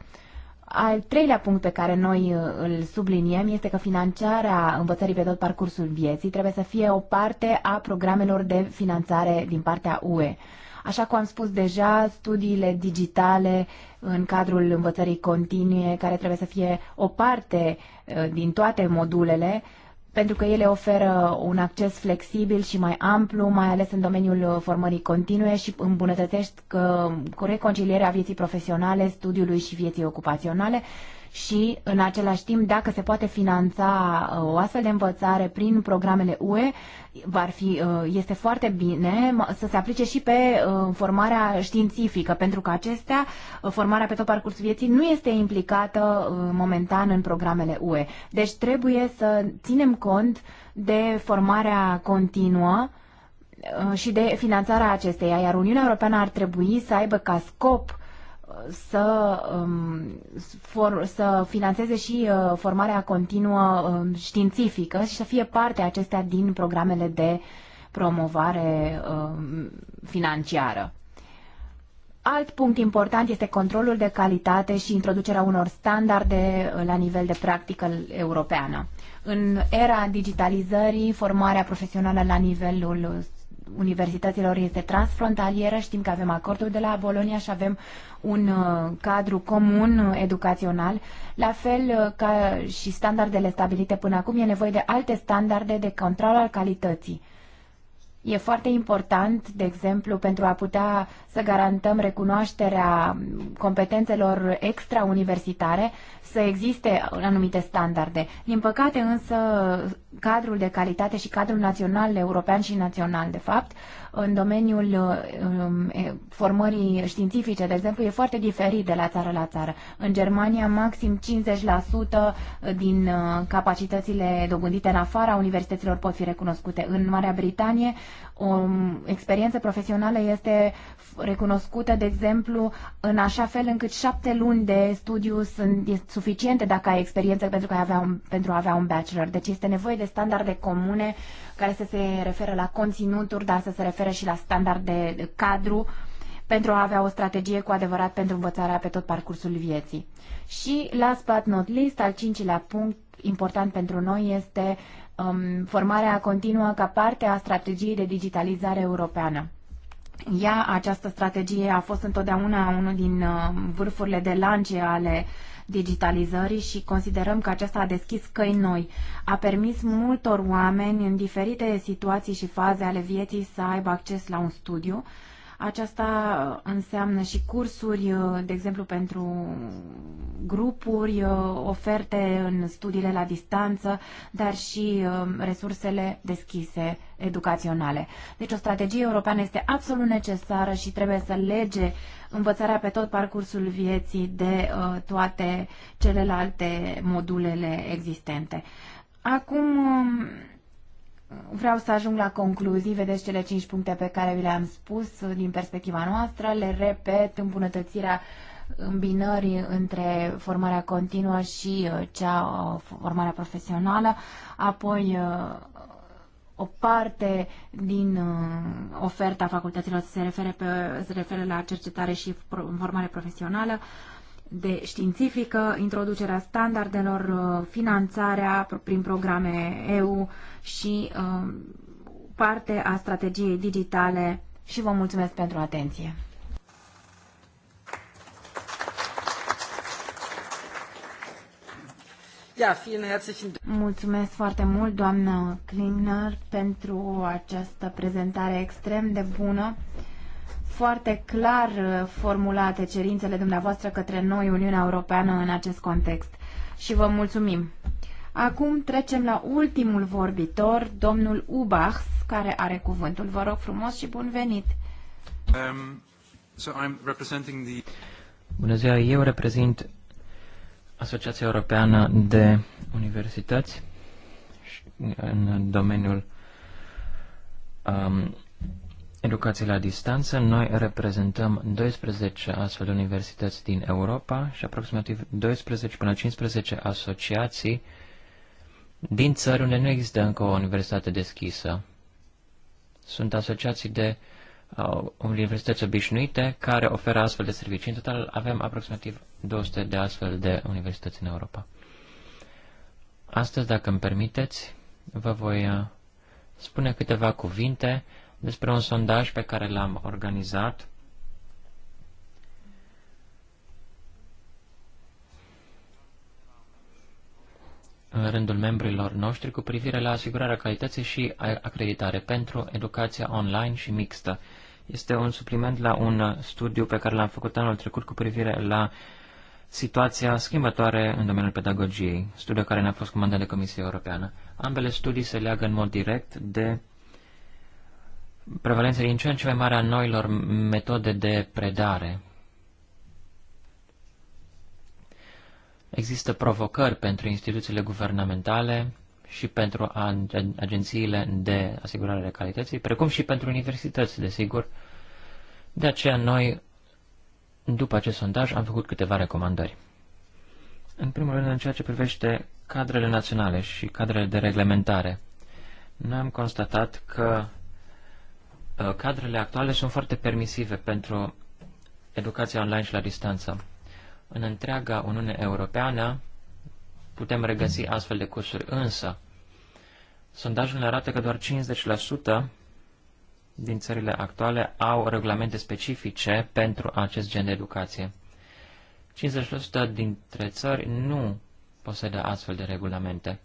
Al treilea punct pe care noi uh, îl subliniem este că finanțarea învățării pe tot parcursul vieții trebuie să fie o parte a programelor de finanțare din partea UE. Așa cum am spus deja, studiile digitale în cadrul învățării continue, care trebuie să fie o parte uh, din toate modulele, pentru că ele oferă un acces flexibil și mai amplu, mai ales în domeniul uh, formării continue și cu uh, reconcilierea vieții profesionale, studiului și vieții ocupaționale și, în același timp, dacă se poate finanța uh, o astfel de învățare prin programele UE, ar fi, uh, este foarte bine să se aplice și pe uh, formarea științifică, pentru că acestea, formarea pe tot parcursul vieții, nu este implicată momentan în programele UE. Deci trebuie să ținem cont de formarea continuă și de finanțarea acesteia, iar Uniunea Europeană ar trebui să aibă ca scop să, um, for, să finanțeze și uh, formarea continuă um, științifică și să fie parte acestea din programele de promovare um, financiară. Alt punct important este controlul de calitate și introducerea unor standarde uh, la nivel de practică europeană. În era digitalizării, formarea profesională la nivelul universităților este transfrontalieră. Știm că avem acordul de la Bolonia și avem un uh, cadru comun uh, educațional. La fel uh, ca și standardele stabilite până acum, e nevoie de alte standarde de control al calității. E foarte important, de exemplu, pentru a putea să garantăm recunoașterea competențelor extrauniversitare, să existe anumite standarde. Din păcate însă cadrul de calitate și cadrul național, european și național de fapt, în domeniul um, formării științifice, de exemplu, e foarte diferit de la țară la țară. În Germania, maxim 50% din uh, capacitățile dobândite în afara universităților pot fi recunoscute. În Marea Britanie, o experiență profesională este recunoscută, de exemplu, în așa fel încât șapte luni de studiu sunt suficiente dacă ai experiență pentru, că ai avea un, pentru a avea un bachelor. Deci este nevoie de standarde comune care să se referă la conținuturi, dar să se referă și la standarde de cadru pentru a avea o strategie cu adevărat pentru învățarea pe tot parcursul vieții. Și, last but not least, al cincilea punct important pentru noi este uh, um, formarea continuă ca parte a strategiei de digitalizare europeană. Ea, această strategie, a fost întotdeauna unul din uh, vârfurile de lance ale digitalizării și considerăm că aceasta a deschis căi noi. A permis multor oameni în diferite situații și faze ale vieții să aibă acces la un studiu, uh, aceasta uh, înseamnă și cursuri, uh, de exemplu, pentru grupuri, uh, oferte în studiile la distanță, dar și resursele deschise educaționale. Deci o strategie europeană este absolut necesară și trebuie să lege învățarea pe tot parcursul vieții de toate celelalte modulele existente. Acum, um, Vreau să ajung la concluzii. Vedeți cele cinci puncte pe care vi le-am spus din perspectiva noastră. Le repet, îmbunătățirea îmbinării între formarea continuă și uh, cea uh, formarea profesională, apoi uh, o parte din oferta facultăților se, referă, pe, se referă la cercetare și formare profesională, de științifică, introducerea standardelor, uh, finanțarea prin programe EU și um, parte a strategiei digitale și vă mulțumesc pentru atenție. Mulțumesc foarte mult, doamnă Klimner, pentru această prezentare extrem de bună foarte clar uh, formulate cerințele dumneavoastră către noi, Uniunea Europeană, în acest context. Și vă mulțumim. Acum trecem la ultimul vorbitor, domnul Ubachs, care are cuvântul. Vă rog frumos și bun venit. Um, so I'm representing the... Bună ziua, eu reprezint Asociația Europeană de Universități în domeniul um, educație la distanță. Noi reprezentăm 12 astfel de universități din Europa și aproximativ 12 până 15 asociații din țări unde nu există încă o universitate deschisă. Sunt asociații de uh, universități obișnuite care oferă astfel de servicii. În total avem aproximativ 200 de astfel de universități în Europa. Astăzi, dacă îmi permiteți, vă voi uh, spune câteva cuvinte despre un sondaj pe care l-am organizat. în rândul membrilor noștri cu privire la asigurarea calității și acreditare pentru educația online și mixtă. Este un supliment la un studiu pe care l-am făcut anul trecut cu privire la situația schimbătoare în domeniul pedagogiei, studiu care ne-a fost comandat de Comisia Europeană. Ambele studii se leagă în mod direct de prevalența din ce în ce mai mare a noilor metode de predare. Există provocări pentru instituțiile guvernamentale și pentru agențiile de asigurare de calității, precum și pentru universități, desigur. De aceea noi, după acest sondaj, am făcut câteva recomandări. În primul rând, în ceea ce privește cadrele naționale și cadrele de reglementare, noi am constatat că Uh, cadrele actuale sunt foarte permisive pentru educația online și la distanță. În întreaga Uniune Europeană putem regăsi astfel de cursuri, însă sondajul ne arată că doar 50% din țările actuale au regulamente specifice pentru acest gen de educație. 50% dintre țări nu posedă astfel de regulamente.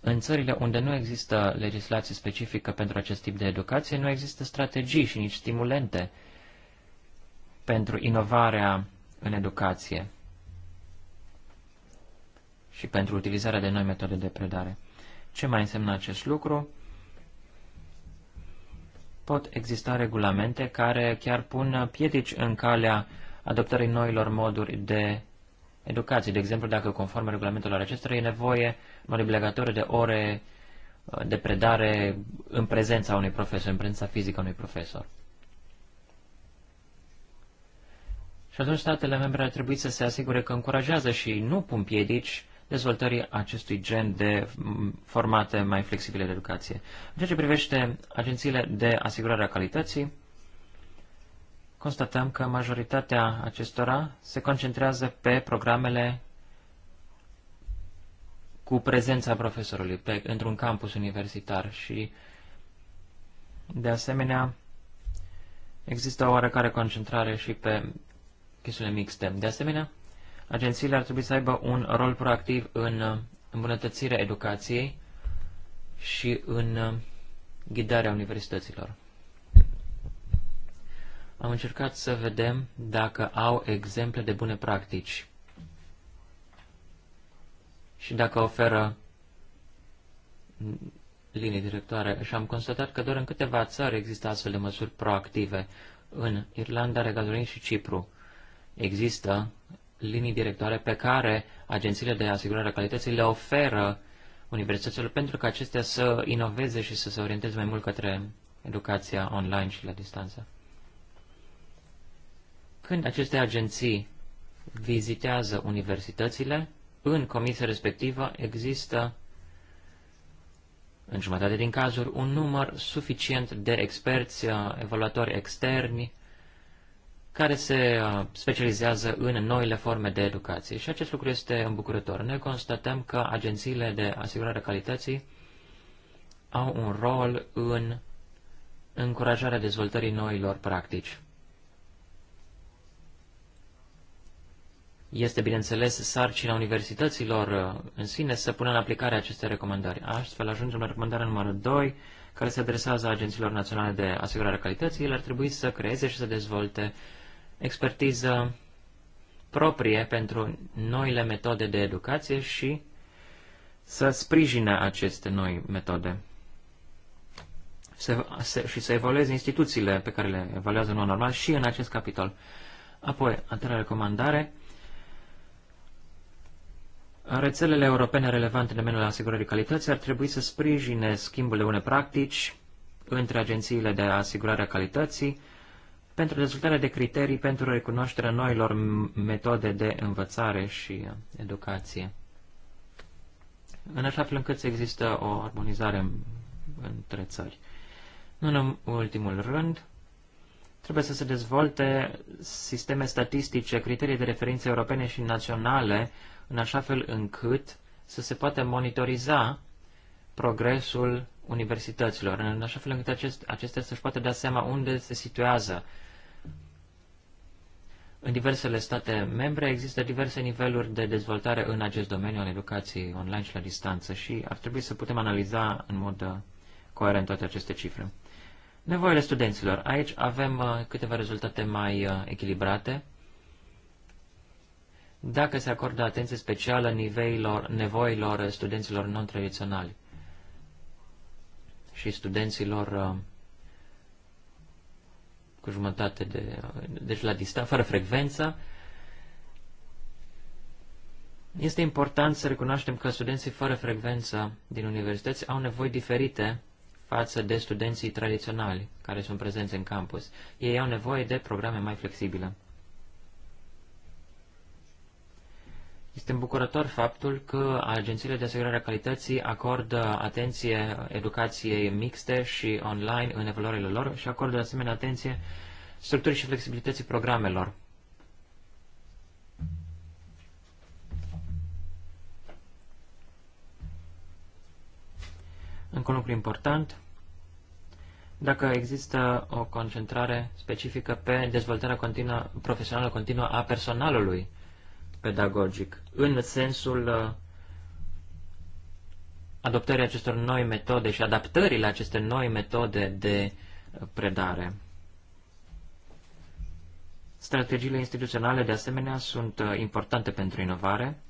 În țările unde nu există legislație specifică pentru acest tip de educație, nu există strategii și nici stimulente pentru inovarea în educație și pentru utilizarea de noi metode de predare. Ce mai înseamnă acest lucru? Pot exista regulamente care chiar pun piedici în calea adoptării noilor moduri de educație. De exemplu, dacă conform regulamentelor acestora e nevoie mai obligatoriu de ore uh, de predare în prezența unui profesor, în prezența fizică a unui profesor. Și atunci statele membre ar trebui să se asigure că încurajează și nu pun piedici dezvoltării acestui gen de formate mai flexibile de educație. În ceea ce privește agențiile de asigurare a calității, constatăm că majoritatea acestora se concentrează pe programele cu prezența profesorului pe, într-un campus universitar și, de asemenea, există o oarecare concentrare și pe chestiune mixte. De asemenea, agențiile ar trebui să aibă un rol proactiv în îmbunătățirea educației și în ghidarea universităților. Am încercat să vedem dacă au exemple de bune practici și dacă oferă linii directoare și am constatat că doar în câteva țări există astfel de măsuri proactive. În Irlanda, Regatul Unit și Cipru există linii directoare pe care agențiile de asigurare a calității le oferă universităților pentru că acestea să inoveze și să se orienteze mai mult către educația online și la distanță. Când aceste agenții vizitează universitățile, în comisia respectivă există, în jumătate din cazuri, un număr suficient de experți, uh, evaluatori externi, care se uh, specializează în noile forme de educație. Și acest lucru este îmbucurător. Noi constatăm că agențiile de asigurare a calității au un rol în încurajarea dezvoltării noilor practici. Este, bineînțeles, sarcina universităților uh, în sine să pună în aplicare aceste recomandări. Astfel ajungem la recomandarea numărul 2, care se adresează agențiilor naționale de asigurare a calității. Ele ar trebui să creeze și să dezvolte expertiză proprie pentru noile metode de educație și să sprijine aceste noi metode se, se, și să evalueze instituțiile pe care le evaluează în mod normal și în acest capitol. Apoi, a treia recomandare Rețelele europene relevante în domeniul asigurării calității ar trebui să sprijine schimbul de une practici între agențiile de asigurare a calității pentru dezvoltarea de criterii pentru recunoașterea noilor metode de învățare și uh, educație. În așa fel încât să există o armonizare între țări. Nu în ultimul rând, trebuie să se dezvolte sisteme statistice, criterii de referință europene și naționale în așa fel încât să se poată monitoriza progresul universităților, în așa fel încât acest, acestea să-și poată da seama unde se situează. În diversele state membre există diverse niveluri de dezvoltare în acest domeniu al educației online și la distanță și ar trebui să putem analiza în mod uh, coerent toate aceste cifre. Nevoile studenților. Aici avem uh, câteva rezultate mai uh, echilibrate dacă se acordă atenție specială niveilor, nevoilor eh, studenților non-tradiționali și studenților eh, cu jumătate de... Eh, deci la distanță, fără frecvență, este important să recunoaștem că studenții fără frecvență din universități au nevoi diferite față de studenții tradiționali care sunt prezenți în campus. Ei au nevoie de programe mai flexibile. Este îmbucurător faptul că agențiile de asigurare a calității acordă atenție educației mixte și online în evaluările lor și acordă de asemenea atenție structurii și flexibilității programelor. Încă un lucru important, dacă există o concentrare specifică pe dezvoltarea continuă, profesională continuă a personalului pedagogic, în sensul uh, adoptării acestor noi metode și adaptării la aceste noi metode de uh, predare. Strategiile instituționale, de asemenea, sunt uh, importante pentru inovare.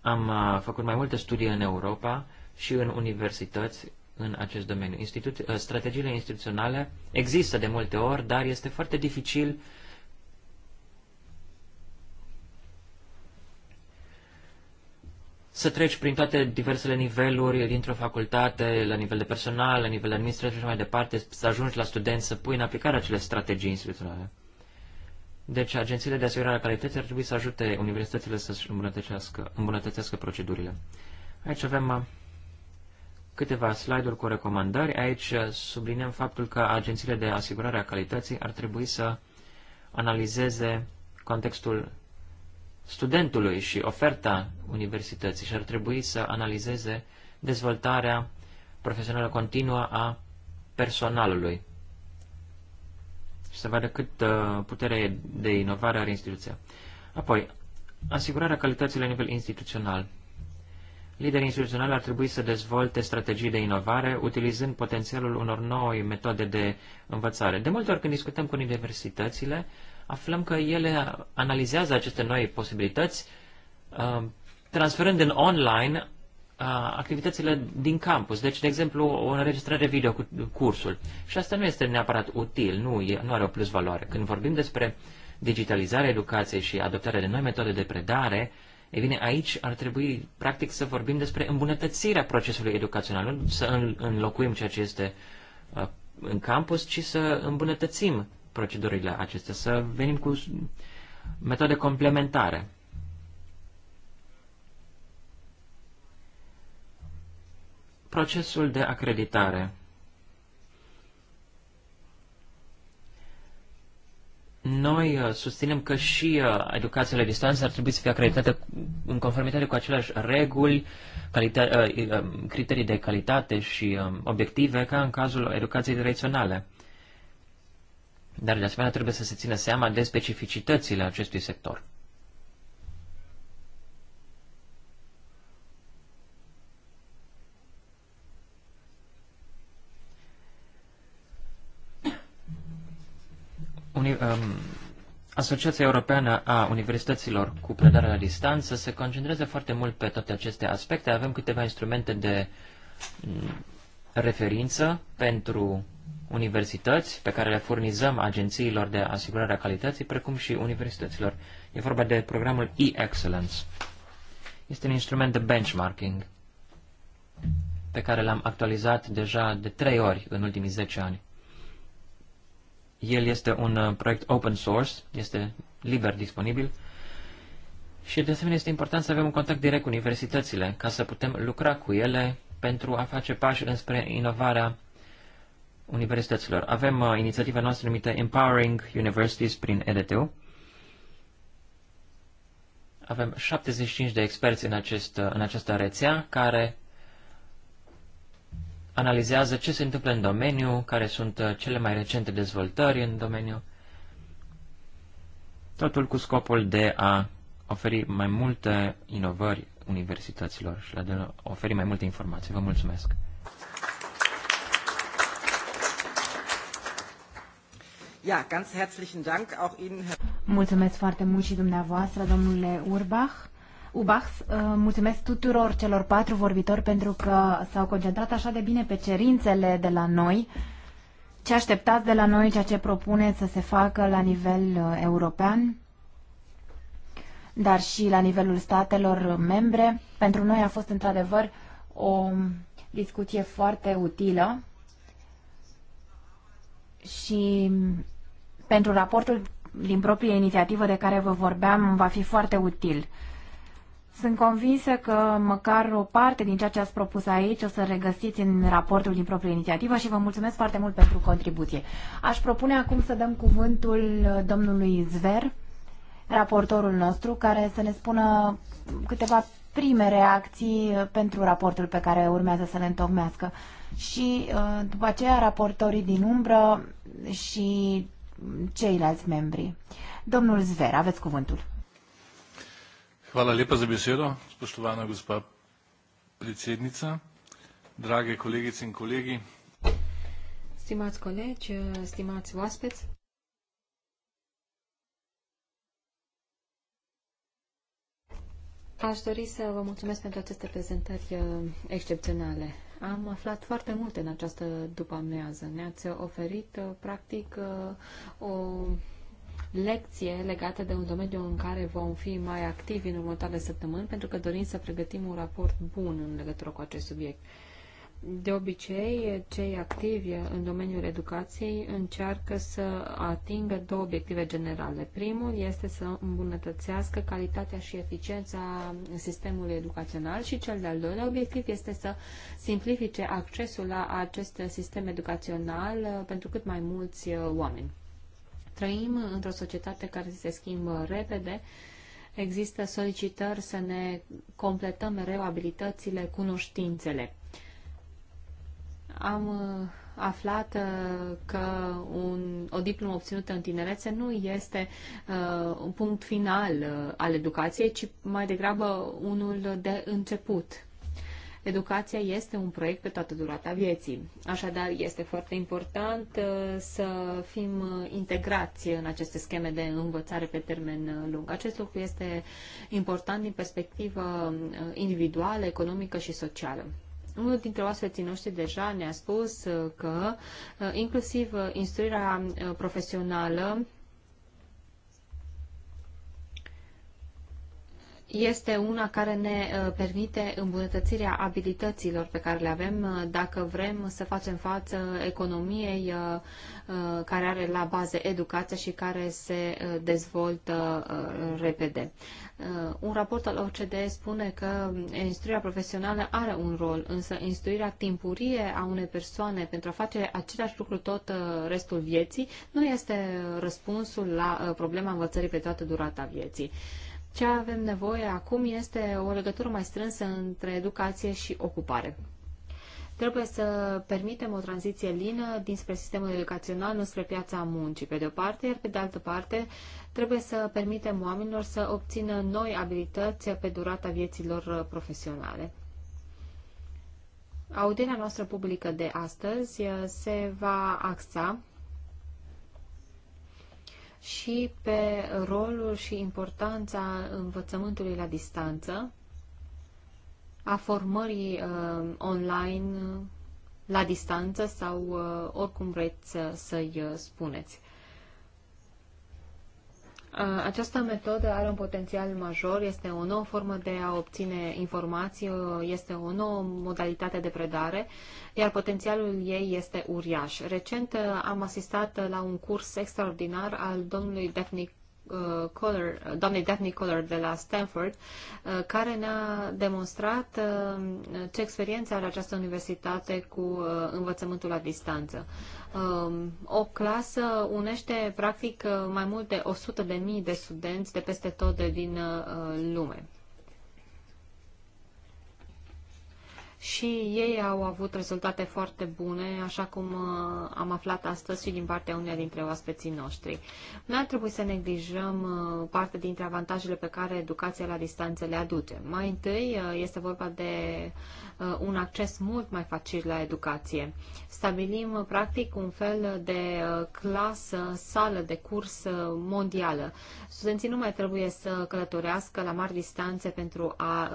Am făcut mai multe studii în Europa și în universități în acest domeniu. Institu- strategiile instituționale există de multe ori, dar este foarte dificil uh, să treci prin toate diversele niveluri dintr-o facultate, la nivel de personal, la nivel de administrativ și mai departe, să ajungi la studenți să pui în aplicare acele strategii instituționale. Deci, agențiile de asigurare a calității ar trebui să ajute universitățile să îmbunătățească, îmbunătățească procedurile. Aici avem uh, câteva slide-uri cu recomandări. Aici uh, subliniem faptul că agențiile de asigurare a calității ar trebui să analizeze contextul studentului și oferta universității și ar trebui să analizeze dezvoltarea profesională continuă a personalului și să vadă cât uh, putere de inovare are instituția. Apoi, asigurarea calității la nivel instituțional. Liderii instituționali ar trebui să dezvolte strategii de inovare, utilizând potențialul unor noi metode de învățare. De multe ori când discutăm cu universitățile, aflăm că ele analizează aceste noi posibilități, uh, transferând în online uh, activitățile din campus. Deci, de exemplu, o înregistrare video cu cursul. Și asta nu este neapărat util, nu, e, nu are o plus valoare. Când vorbim despre digitalizarea educației și adoptarea de noi metode de predare, uh, ei bine, aici ar trebui, practic, să vorbim despre îmbunătățirea procesului educațional, nu să înlocuim ceea ce este uh, în campus, ci să îmbunătățim procedurile acestea, să venim cu metode complementare. Procesul de acreditare Noi uh, susținem că și uh, educația la distanță ar trebui să fie acreditată în conformitate cu aceleași reguli, uh, criterii de calitate și obiective ca în cazul educației tradiționale. Dar, de asemenea, trebuie să se țină seama de specificitățile acestui sector. Uni, um, Asociația Europeană a Universităților cu predare la distanță se concentrează foarte mult pe toate aceste aspecte. Avem câteva instrumente de mm, referință pentru universități pe care le furnizăm agențiilor de asigurare a calității, precum și universităților. E vorba de programul e-Excellence. Este un instrument de benchmarking pe care l-am actualizat deja de trei ori în ultimii 10 ani. El este un uh, proiect open source, este liber disponibil și de asemenea este important să avem un contact direct cu universitățile ca să putem lucra cu ele pentru a face pași înspre inovarea universităților. Avem uh, inițiativa noastră numită Empowering Universities prin EDTU. Avem 75 de experți în, acest, uh, în această rețea care analizează ce se întâmplă în domeniu, care sunt uh, cele mai recente dezvoltări în domeniu, totul cu scopul de a oferi mai multe inovări universităților și de a oferi mai multe informații. Vă mulțumesc! Ja, ganz herzlichen Dank auch Ihnen. Mulțumesc foarte mult și dumneavoastră, domnule Urbach. Ubachs, uh, mulțumesc tuturor celor patru vorbitori pentru că s-au concentrat așa de bine pe cerințele de la noi, ce așteptați de la noi, ceea ce propune să se facă la nivel uh, european, dar și la nivelul statelor membre. Pentru noi a fost într-adevăr o discuție foarte utilă și pentru raportul din proprie inițiativă de care vă vorbeam va fi foarte util. Sunt convinsă că măcar o parte din ceea ce ați propus aici o să regăsiți în raportul din proprie inițiativă și vă mulțumesc foarte mult pentru contribuție. Aș propune acum să dăm cuvântul domnului Zver, raportorul nostru, care să ne spună câteva prime reacții pentru raportul pe care urmează să le întocmească. Și uh, după aceea raportorii din umbră și ceilalți membri. Domnul Zver, aveți cuvântul. Hvala lepa za besedo, spoštovana gospa predsednica, drage kolegice in colegi. Stimați colegi, stimați oaspeți, Aș dori să vă mulțumesc pentru aceste prezentări uh, excepționale. Am aflat foarte multe în această după-amiază. Ne-ați oferit, uh, practic, uh, o lecție legată de un domeniu în care vom fi mai activi în următoarele săptămâni, pentru că dorim să pregătim un raport bun în legătură cu acest subiect. De obicei, cei activi în domeniul educației încearcă să atingă două obiective generale. Primul este să îmbunătățească calitatea și eficiența sistemului educațional și cel de-al doilea obiectiv este să simplifice accesul la acest sistem educațional pentru cât mai mulți oameni. Trăim într-o societate care se schimbă repede. Există solicitări să ne completăm mereu abilitățile, cunoștințele. Am uh, aflat uh, că un, o diplomă obținută în tinerețe nu este uh, un punct final uh, al educației, ci mai degrabă unul de început. Educația este un proiect pe toată durata vieții. Așadar, este foarte important uh, să fim uh, integrați în aceste scheme de învățare pe termen uh, lung. Acest lucru este important din perspectivă individuală, economică și socială. Unul dintre oaspeții noștri deja ne-a spus că inclusiv instruirea profesională este una care ne uh, permite îmbunătățirea abilităților pe care le avem uh, dacă vrem să facem față economiei uh, care are la bază educația și care se dezvoltă repede. Un raport al OCDE spune că instruirea profesională are un rol, însă instruirea timpurie a unei persoane pentru a face același lucru tot restul vieții nu este răspunsul la problema învățării pe toată durata vieții. Ce avem nevoie acum este o legătură mai strânsă între educație și ocupare. Trebuie să permitem o tranziție lină dinspre sistemul educațional înspre piața muncii, pe de o parte, iar pe de altă parte trebuie să permitem oamenilor să obțină noi abilități pe durata vieților profesionale. Audierea noastră publică de astăzi se va axa și pe rolul și importanța învățământului la distanță, a formării uh, online uh, la distanță sau uh, oricum vreți să, i uh, spuneți. Această metodă are un potențial major, este o nouă formă de a obține informații, este o nouă modalitate de predare, iar potențialul ei este uriaș. Recent am asistat la un curs extraordinar al domnului Daphne Color, uh, uh, doamnei Daphne Color de la Stanford, uh, care ne-a demonstrat ce experiență are această universitate cu învățământul la distanță. Um, o clasă unește practic mai mult de 100.000 de studenți de peste tot din lume. și ei au avut rezultate foarte bune, așa cum uh, am aflat astăzi și din partea uneia dintre oaspeții noștri. Nu ar trebui să neglijăm uh, parte dintre avantajele pe care educația la distanță le aduce. Mai întâi uh, este vorba de un acces mult mai facil la educație. Stabilim practic un fel de clasă, sală de curs mondială. Studenții nu mai trebuie să călătorească la mari distanțe pentru a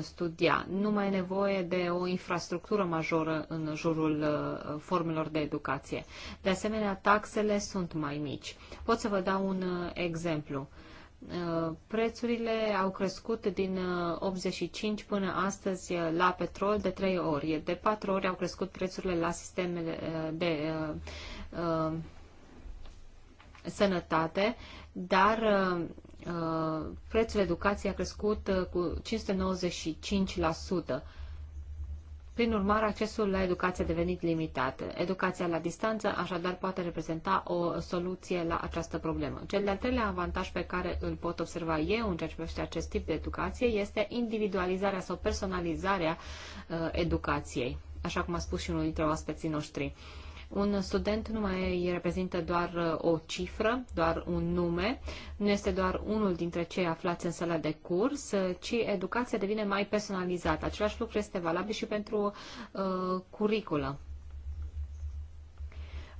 studia. Nu mai e nevoie de de o infrastructură majoră în jurul uh, formelor de educație. De asemenea, taxele sunt mai mici. Pot să vă dau un uh, exemplu. Uh, prețurile au crescut din 85 până astăzi la petrol de 3 ori. De 4 ori au crescut prețurile la sistemele de sănătate, dar prețul educației a crescut cu 595%. Prin urmare, accesul la educație a devenit limitat. Educația la distanță, așadar, poate reprezenta o soluție la această problemă. Cel de-al treilea avantaj pe care îl pot observa eu în ceea ce privește acest tip de educație este individualizarea sau personalizarea uh, educației, așa cum a spus și unul dintre oaspeții noștri. Uh, un student nu mai reprezintă doar uh, o cifră, doar un nume, nu este doar unul dintre cei aflați în sala de curs, uh, ci educația devine mai personalizată. Același lucru este valabil și pentru uh, curriculă.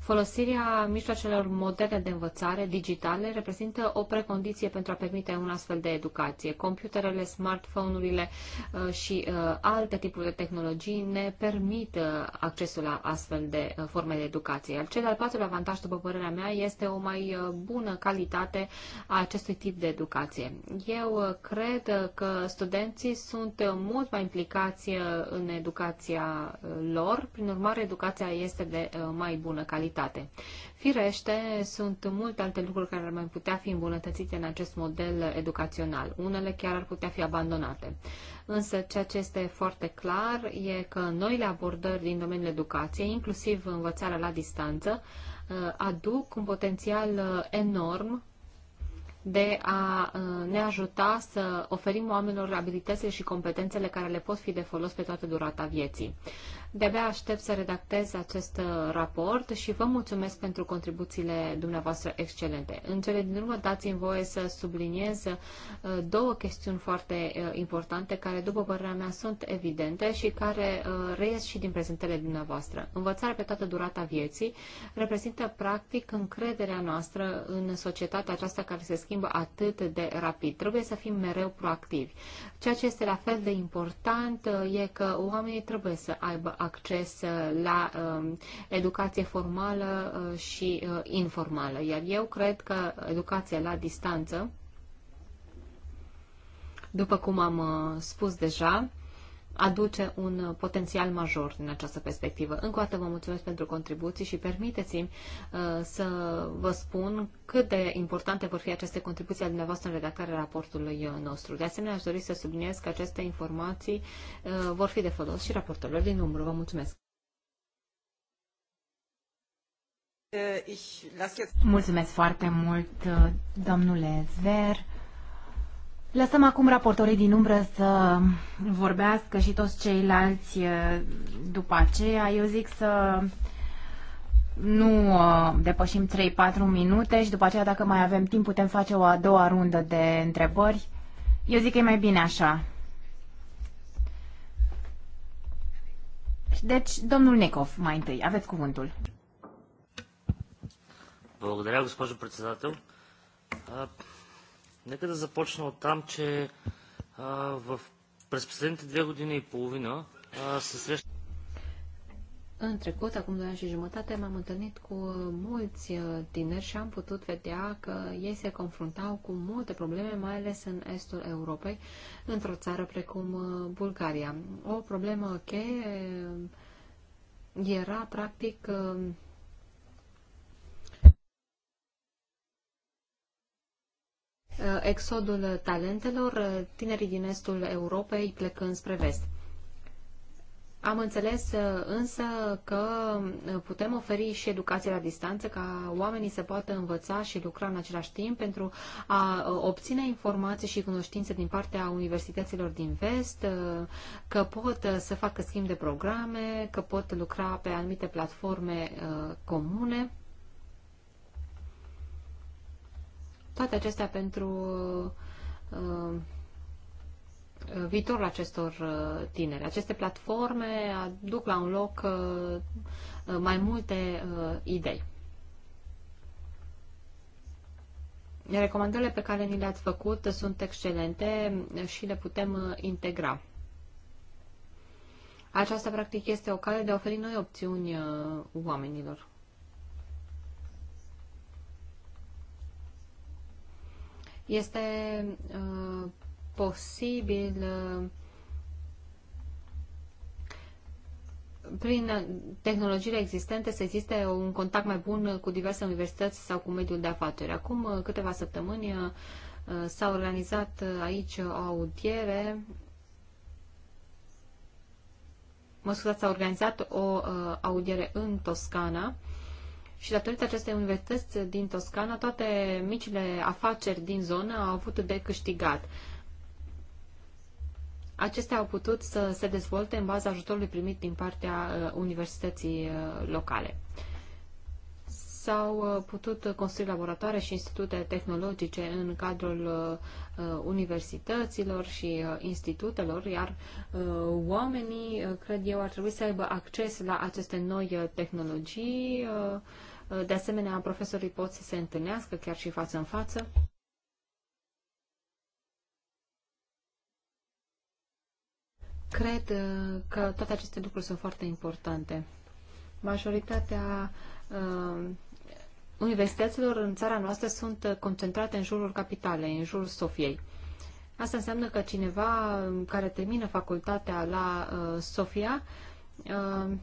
Folosirea mijloacelor moderne de învățare digitale reprezintă o precondiție pentru a permite un astfel de educație. Computerele, smartphone-urile uh, și uh, alte tipuri de tehnologii ne permit uh, accesul la astfel de forme de educație. Al cel al patrulea avantaj, după părerea mea, este o mai bună calitate a acestui tip de educație. Eu cred că studenții sunt mult mai implicați în educația lor, prin urmare educația este de mai bună calitate realitate. Firește, sunt multe alte lucruri care ar mai putea fi îmbunătățite în acest model educațional. Unele chiar ar putea fi abandonate. Însă ceea ce este foarte clar e că noile abordări din domeniul educației, inclusiv învățarea la distanță, uh, aduc un potențial uh, enorm de a uh, ne ajuta să oferim oamenilor abilitățile și competențele care le pot fi de folos pe toată durata vieții. De-abia aștept să redactez acest uh, raport și vă mulțumesc pentru contribuțiile dumneavoastră excelente. În cele din urmă dați-mi voie să subliniez uh, două chestiuni foarte uh, importante care, după părerea mea, sunt evidente și care reies și din prezentele dumneavoastră. Învățarea pe toată durata vieții reprezintă, practic, încrederea noastră în societatea aceasta care se schimbă atât de rapid. Trebuie să fim mereu proactivi. Ceea ce este la fel de important e că oamenii trebuie să aibă acces uh, la um, educație formală uh, și uh, informală. Iar eu cred că educația la distanță, după cum am spus deja, aduce un potențial major din această perspectivă. Încă o dată vă mulțumesc pentru contribuții și permiteți-mi uh, să vă spun cât de importante vor fi aceste contribuții ale dumneavoastră în redactarea raportului nostru. De asemenea, aș dori să subliniez că aceste informații uh, vor fi de folos și raportelor din număr. Vă mulțumesc! Uh, mulțumesc foarte mult, uh, domnule Ver. Lăsăm acum raportorii din umbră să vorbească și toți ceilalți după aceea. Eu zic să nu depășim 3-4 minute și după aceea, dacă mai avem timp, putem face o a doua rundă de întrebări. Eu zic că e mai bine așa. Deci, domnul Necov, mai întâi, aveți cuvântul. mulțumesc, госпожо председател. Нека да започна от там, че а, в, през последните две години и половина а, се среща... În trecut, acum doi ani și jumătate, m-am întâlnit cu mulți tineri și am putut vedea că ei se confruntau cu multe probleme, mai ales în estul Europei, într-o țară precum Bulgaria. O problemă cheie era, practic, Uh, exodul talentelor, uh, tinerii din estul Europei plecând spre vest. Am înțeles uh, însă că putem oferi și educație la distanță ca oamenii să poată învăța și lucra în același timp pentru a obține informații și cunoștințe din partea universităților din vest, că pot să facă schimb de programe, că pot lucra pe anumite platforme comune. Toate acestea pentru uh, uh, viitorul acestor uh, tineri. Aceste platforme aduc la un loc mai multe idei. Recomandările pe care ni le-ați făcut sunt excelente și le putem integra. Aceasta, practic, este o cale de a oferi noi opțiuni oamenilor. este uh, posibil uh, prin tehnologiile existente să existe un contact mai bun cu diverse universități sau cu mediul de afaceri. Acum uh, câteva săptămâni uh, s-a organizat uh, aici o audiere mă scuzați, s-a organizat o uh, audiere în Toscana și datorită acestei universități din Toscana, toate micile afaceri din zonă au avut de câștigat. Acestea au putut să se dezvolte în baza ajutorului primit din partea uh, universității uh, locale. S-au uh, putut construi laboratoare și institute tehnologice în cadrul universităților și institutelor, iar oamenii, cred eu, ar trebui să aibă acces la aceste noi tehnologii Uh, de asemenea, profesorii pot să se întâlnească chiar și față în față. Cred uh, că toate aceste lucruri sunt foarte importante. Majoritatea uh, universităților în țara noastră sunt concentrate în jurul capitalei, în jurul Sofiei. Asta înseamnă că cineva care termină facultatea la uh, Sofia uh,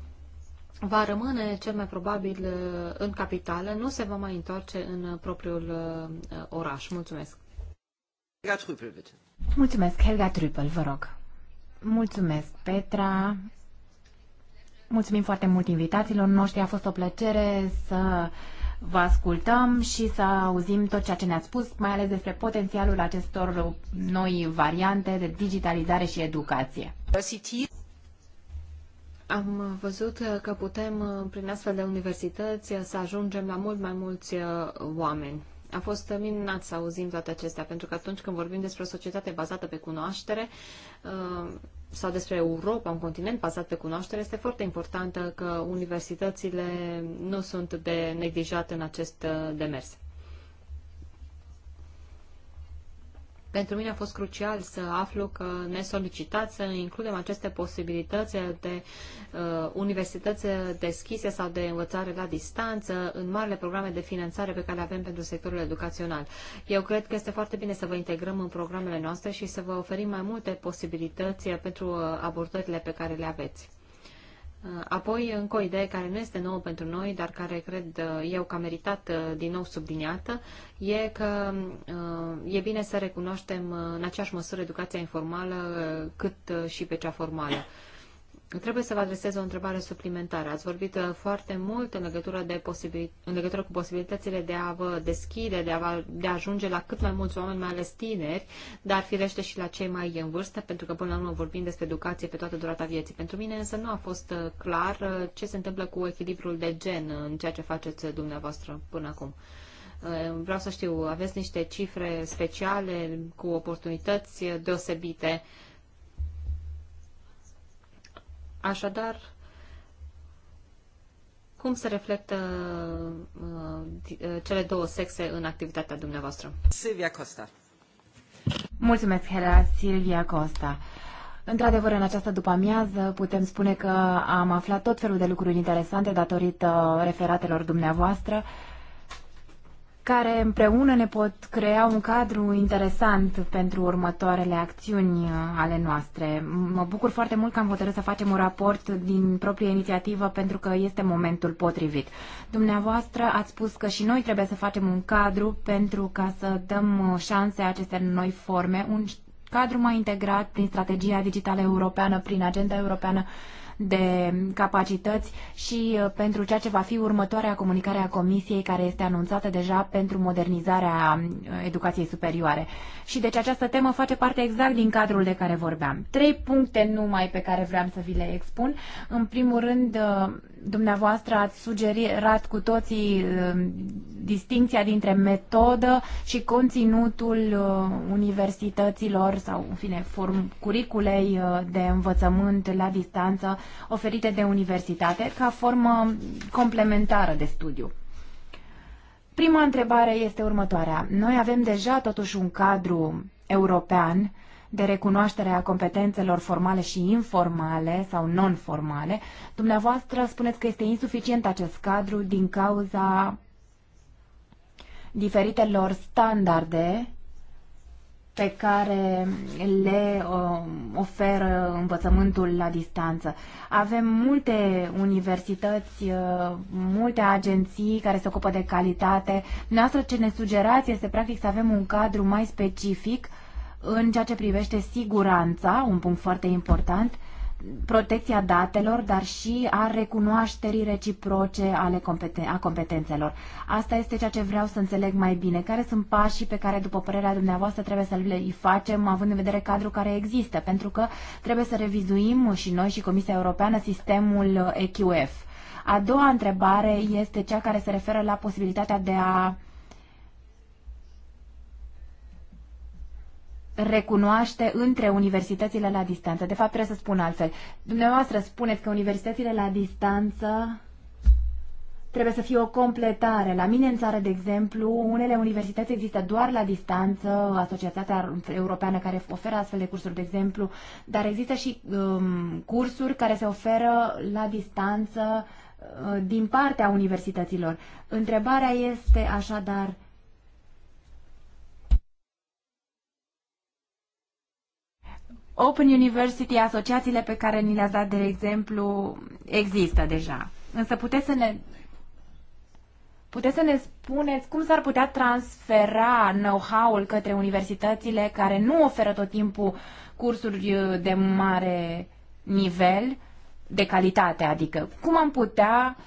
va rămâne cel mai probabil uh, în capitală, nu se va mai întoarce în uh, propriul uh, oraș. Mulțumesc. Helga Trüppel, bitte. Mulțumesc, Helga Trüppel, vă rog. Mulțumesc, Petra. Mulțumim foarte mult invitațiilor noștri. A fost o plăcere să vă ascultăm și să auzim tot ceea ce ne-ați spus, mai ales despre potențialul acestor noi variante de digitalizare și educație. Am văzut că putem, prin astfel de universități, să ajungem la mult mai mulți uh, oameni. A fost minunat să auzim toate acestea, pentru că atunci când vorbim despre o societate bazată pe cunoaștere, uh, sau despre Europa, un continent bazat pe cunoaștere, este foarte importantă că universitățile nu sunt de neglijat în acest uh, demers. Pentru mine a fost crucial să aflu că ne solicitați să includem aceste posibilități de uh, universități deschise sau de învățare la distanță în marile programe de finanțare pe care le avem pentru sectorul educațional. Eu cred că este foarte bine să vă integrăm în programele noastre și să vă oferim mai multe posibilități pentru uh, abordările pe care le aveți. Apoi, încă o idee care nu este nouă pentru noi, dar care cred eu că a meritat uh, din nou subliniată, e că uh, e bine să recunoaștem uh, în aceeași măsură educația informală cât și pe cea formală. Trebuie să vă adresez o întrebare suplimentară. Ați vorbit uh, foarte mult în legătură, de posibil, în legătură cu posibilitățile de a vă deschide, de a, vă, de a ajunge la cât mai mulți oameni, mai ales tineri, dar firește și la cei mai în vârstă, pentru că până la urmă vorbim despre educație pe toată durata vieții. Pentru mine însă nu a fost uh, clar uh, ce se întâmplă cu echilibrul de gen în ceea ce faceți dumneavoastră până acum. Vreau să știu, aveți niște cifre speciale cu oportunități deosebite Așadar, cum se reflectă uh, uh, cele două sexe în activitatea dumneavoastră? Silvia Costa. Mulțumesc, Hera Silvia Costa. Într-adevăr, în această după-amiază putem spune că am aflat tot felul de lucruri interesante datorită referatelor dumneavoastră. Uh, care împreună ne pot crea un cadru interesant pentru următoarele acțiuni uh, ale noastre. Mă bucur foarte mult că am hotărât să facem un raport din proprie inițiativă pentru că este momentul potrivit. Dumneavoastră ați spus că și noi trebuie să facem un cadru pentru ca să dăm uh, șanse acestor noi forme, un cadru mai integrat prin strategia digitală europeană, prin agenda europeană de capacități și uh, pentru ceea ce va fi următoarea comunicare a Comisiei care este anunțată deja pentru modernizarea uh, educației superioare. Și deci această temă face parte exact din cadrul de care vorbeam. Trei puncte numai pe care vreau să vi le expun. În primul rând, uh, dumneavoastră ați sugerat cu toții um, distinția dintre metodă și conținutul uh, universităților sau, în fine, form, curiculei uh, de învățământ la distanță oferite de universitate ca formă complementară de studiu. Prima întrebare este următoarea. Noi avem deja totuși un cadru european de recunoaștere a competențelor formale și informale sau non-formale. Dumneavoastră spuneți că este insuficient acest cadru din cauza diferitelor standarde pe care le uh, oferă învățământul la distanță. Avem multe universități, uh, multe agenții care se ocupă de calitate. Noastră ce ne sugerați este practic să avem un cadru mai specific uh, în ceea ce privește siguranța, un punct foarte important, protecția datelor, dar și a recunoașterii reciproce ale competen- a competențelor. Asta este ceea ce vreau să înțeleg mai bine. Care sunt pașii pe care, după părerea dumneavoastră, trebuie să le facem, având în vedere cadrul care există? Pentru că trebuie să revizuim și noi și Comisia Europeană sistemul EQF. A doua întrebare este cea care se referă la posibilitatea de a uh, recunoaște între universitățile la distanță. De fapt, trebuie să spun altfel. Dumneavoastră spuneți că universitățile la distanță trebuie să fie o completare. La mine în țară, de exemplu, unele universități există doar la distanță, Asociația Europeană care oferă astfel de cursuri, de exemplu, dar există și um, cursuri care se oferă la distanță uh, din partea universităților. Întrebarea este așadar, Open University, asociațiile pe care ni le-ați dat de exemplu, există deja. Însă puteți să ne Puteți să ne spuneți cum s-ar putea transfera know-how-ul către universitățile care nu oferă tot timpul cursuri uh, de mare nivel, de calitate, adică cum am putea uh,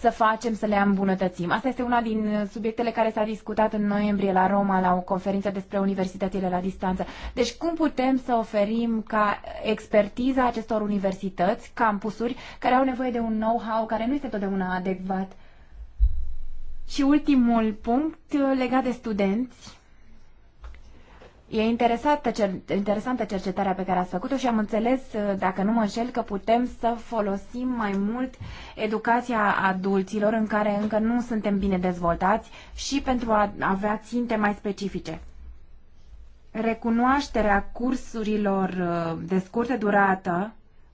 să facem să le îmbunătățim. Asta este una din subiectele care s-a discutat în noiembrie la Roma, la o conferință despre universitățile la distanță. Deci cum putem să oferim ca expertiza acestor universități, campusuri, care au nevoie de un know-how care nu este totdeauna adecvat? Și ultimul punct legat de studenți E interesantă, cer, interesantă cercetarea pe care ați făcut-o și am înțeles, uh, dacă nu mă înșel, că putem să folosim mai mult educația adulților în care încă nu suntem bine dezvoltați și pentru a avea ținte mai specifice. Recunoașterea cursurilor uh, de scurtă durată,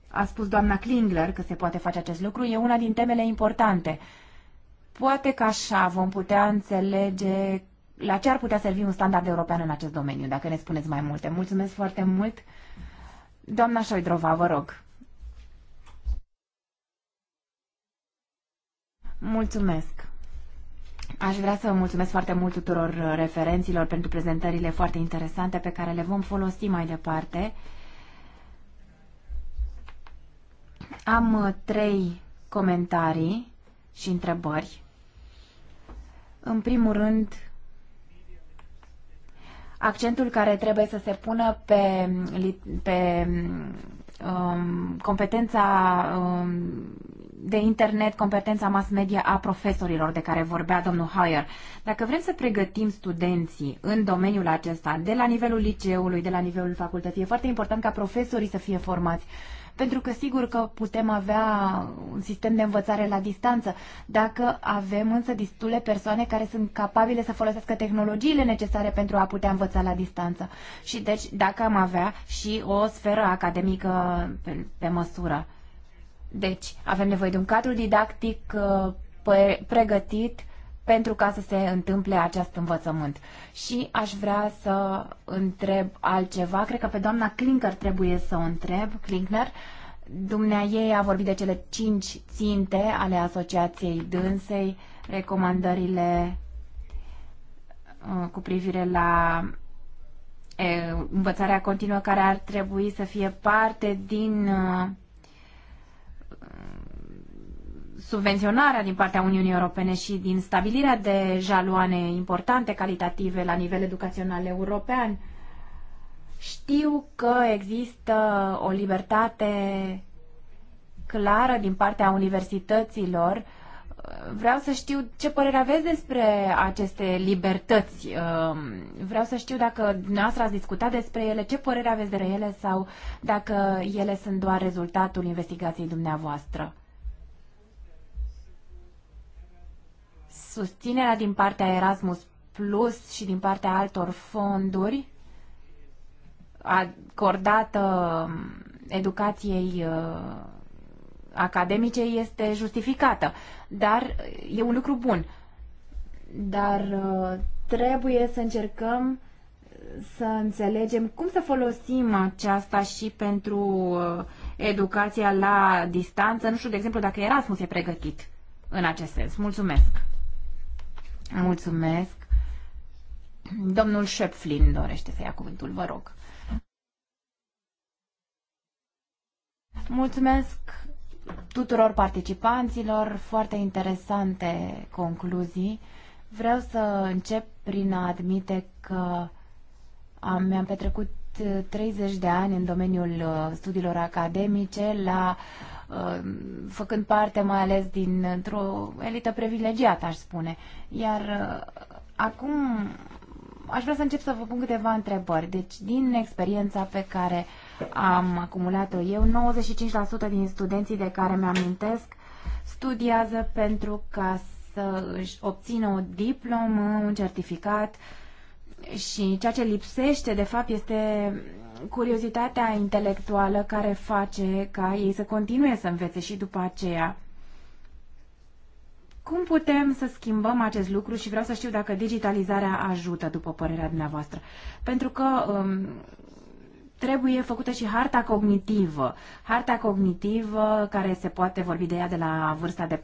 a spus doamna Klingler că se poate face acest lucru, e una din temele importante. Poate că așa vom putea înțelege la ce ar putea servi un standard european în acest domeniu, dacă ne spuneți mai multe. Mulțumesc foarte mult. Doamna Șoidrova, vă rog. Mulțumesc. Aș vrea să mulțumesc foarte mult tuturor referenților pentru prezentările foarte interesante pe care le vom folosi mai departe. Am uh, trei comentarii și întrebări. În primul rând, accentul care trebuie să se pună pe, pe um, competența um, de internet, competența mass media a profesorilor de care vorbea domnul Hayer. Dacă vrem să pregătim studenții în domeniul acesta, de la nivelul liceului, de la nivelul facultății, e foarte important ca profesorii să fie formați. Uh, pentru că sigur că putem avea un sistem de învățare la distanță, dacă avem însă destule persoane care sunt capabile să folosească tehnologiile necesare pentru a putea învăța la distanță. Și deci dacă am avea și o sferă academică pe, pe măsură. Deci, avem nevoie de un cadru didactic uh, pregătit pentru ca să se întâmple acest învățământ. Și aș vrea să întreb altceva. Cred că pe doamna Klinkner trebuie să o întreb. Klinkner, dumnea ei a vorbit de cele cinci ținte ale Asociației Dânsei, recomandările uh, cu privire la învățarea continuă care ar trebui să fie parte din uh, subvenționarea din partea Uniunii Europene și din stabilirea de jaloane importante calitative la nivel educațional european, știu că există o libertate clară din partea universităților. Vreau să știu ce părere aveți despre aceste libertăți. Ehm, vreau să știu dacă dumneavoastră ați discutat despre ele, ce părere aveți de ele sau dacă ele sunt doar rezultatul investigației dumneavoastră. susținerea din partea Erasmus Plus și din partea altor fonduri acordată educației uh, academice este justificată, dar e un lucru bun. Dar uh, trebuie să încercăm să înțelegem cum să folosim aceasta și pentru uh, educația la distanță. Nu știu, de exemplu, dacă Erasmus e pregătit în acest sens. Mulțumesc! Mulțumesc. Domnul Șepflin dorește să ia cuvântul, vă rog. Mulțumesc tuturor participanților, foarte interesante concluzii. Vreau să încep prin a admite că am, mi-am petrecut 30 de ani în domeniul uh, studiilor academice la Uh, făcând parte mai ales dintr-o elită privilegiată, aș spune. Iar uh, acum aș vrea să încep să vă pun câteva întrebări. Deci, din experiența pe care am acumulat-o eu, 95% din studenții de care mi-amintesc studiază pentru ca să își obțină o diplomă, un certificat și ceea ce lipsește, de fapt, este curiozitatea intelectuală care face ca ei să continue să învețe și după aceea. Cum putem să schimbăm acest lucru și vreau să știu dacă digitalizarea ajută, după părerea dumneavoastră? Pentru că um, trebuie făcută și harta cognitivă. Harta cognitivă, care se poate vorbi de ea de la vârsta de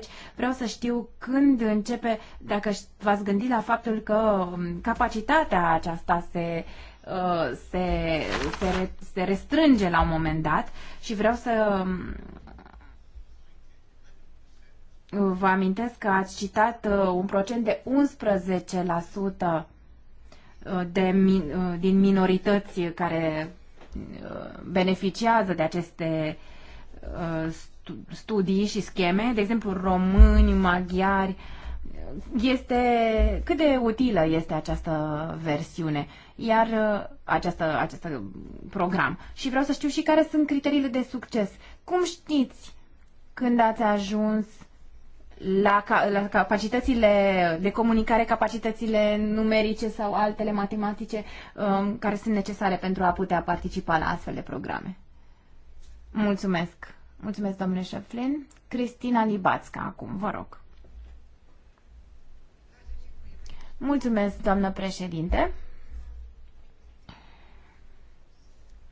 40-50, vreau să știu când începe, dacă v-ați gândit la faptul că um, capacitatea aceasta se Uh, se, se, se restrânge la un moment dat și vreau să um, vă amintesc că ați citat uh, un procent de 11% uh, de, din minorități care beneficiază de aceste studii și scheme, de exemplu români, maghiari, uh, este cât de utilă este această versiune, iar uh, această, acest program. Și vreau să știu și care sunt criteriile de succes. Cum știți când ați ajuns la, la capacitățile de comunicare, capacitățile numerice sau altele matematice um, care sunt necesare pentru a putea participa la astfel de programe? Mulțumesc! Mulțumesc, domnule Șeflin. Cristina Libațca, acum, vă rog. Mulțumesc, doamnă președinte.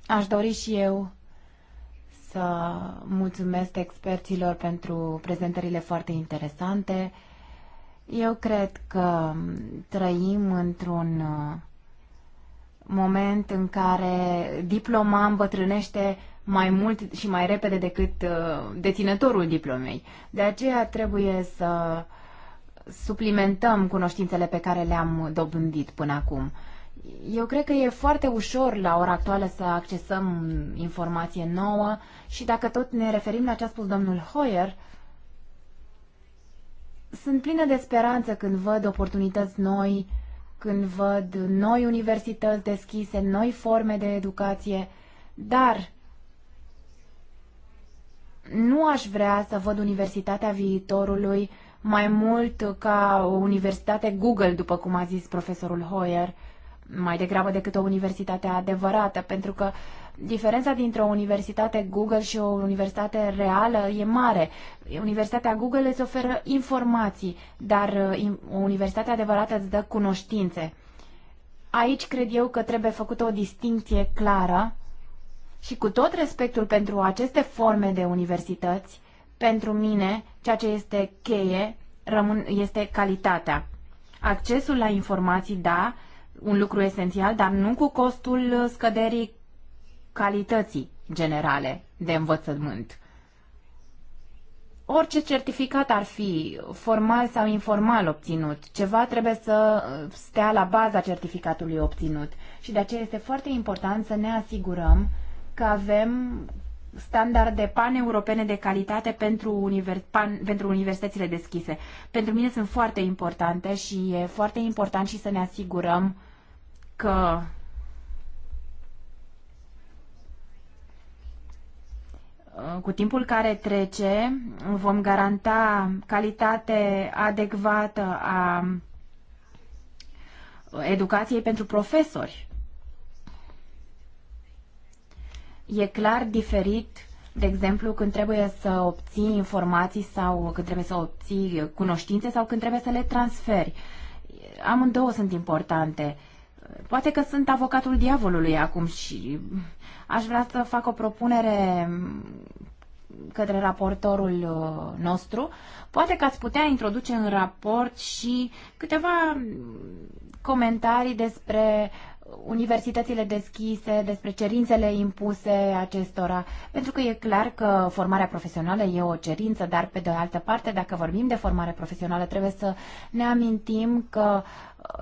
Aș dori și eu să mulțumesc experților pentru prezentările foarte interesante. Eu cred că trăim într-un uh, moment în care diploma îmbătrânește mai mult și mai repede decât uh, deținătorul diplomei. De aceea trebuie să suplimentăm cunoștințele pe care le-am dobândit până acum. Eu cred că e foarte ușor la ora actuală să accesăm informație nouă și dacă tot ne referim la ce a spus domnul Hoyer, sunt plină de speranță când văd oportunități noi, când văd noi universități deschise, noi forme de educație, dar nu aș vrea să văd universitatea viitorului mai mult ca o universitate Google, după cum a zis profesorul Hoyer, mai degrabă decât o universitate adevărată, pentru că diferența dintre o universitate Google și o universitate reală e mare. Universitatea Google îți oferă informații, dar uh, o universitate adevărată îți dă cunoștințe. Aici cred eu că trebuie făcută o distinție clară și cu tot respectul pentru aceste forme de universități, pentru mine, ceea ce este cheie rămân, este calitatea. Accesul la informații, da, un lucru esențial, dar nu cu costul scăderii calității generale de învățământ. Orice certificat ar fi, formal sau informal obținut, ceva trebuie să stea la baza certificatului obținut. Și de aceea este foarte important să ne asigurăm că avem standarde paneuropene de calitate pentru, univers, pan, pentru universitățile deschise. Pentru mine sunt foarte importante și e foarte important și să ne asigurăm că cu timpul care trece vom garanta calitate adecvată a educației pentru profesori e clar diferit, de exemplu, când trebuie să obții informații sau când trebuie să obții cunoștințe sau când trebuie să le transferi. Amândouă sunt importante. Poate că sunt avocatul diavolului acum și aș vrea să fac o propunere către raportorul uh, nostru. Poate că ați putea introduce în raport și câteva comentarii despre universitățile deschise, despre cerințele impuse acestora, pentru că e clar că formarea profesională e o cerință, dar pe de altă parte, dacă vorbim de formare profesională, trebuie să ne amintim că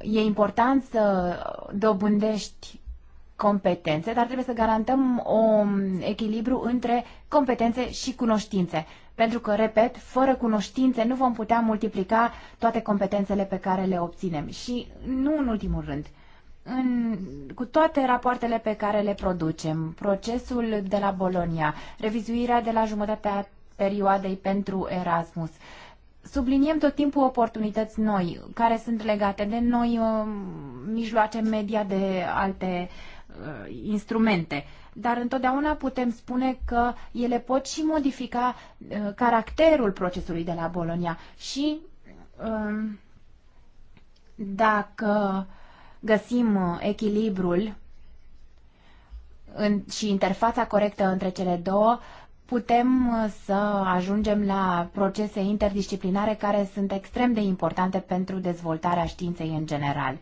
uh, e important să dobândești competențe, dar trebuie să garantăm un um, echilibru între competențe și cunoștințe. Pentru că, repet, fără cunoștințe nu vom putea multiplica toate competențele pe care le obținem. Și nu în ultimul rând, în, cu toate rapoartele pe care le producem, procesul de la Bolonia, revizuirea de la jumătatea perioadei pentru Erasmus, subliniem tot timpul oportunități noi care sunt legate de noi uh, mijloace media de alte uh, instrumente. Dar întotdeauna putem spune că ele pot și modifica uh, caracterul procesului de la Bolonia și um, dacă găsim uh, echilibrul în, și interfața corectă între cele două, putem uh, să ajungem la procese interdisciplinare care sunt extrem de importante pentru dezvoltarea științei în general.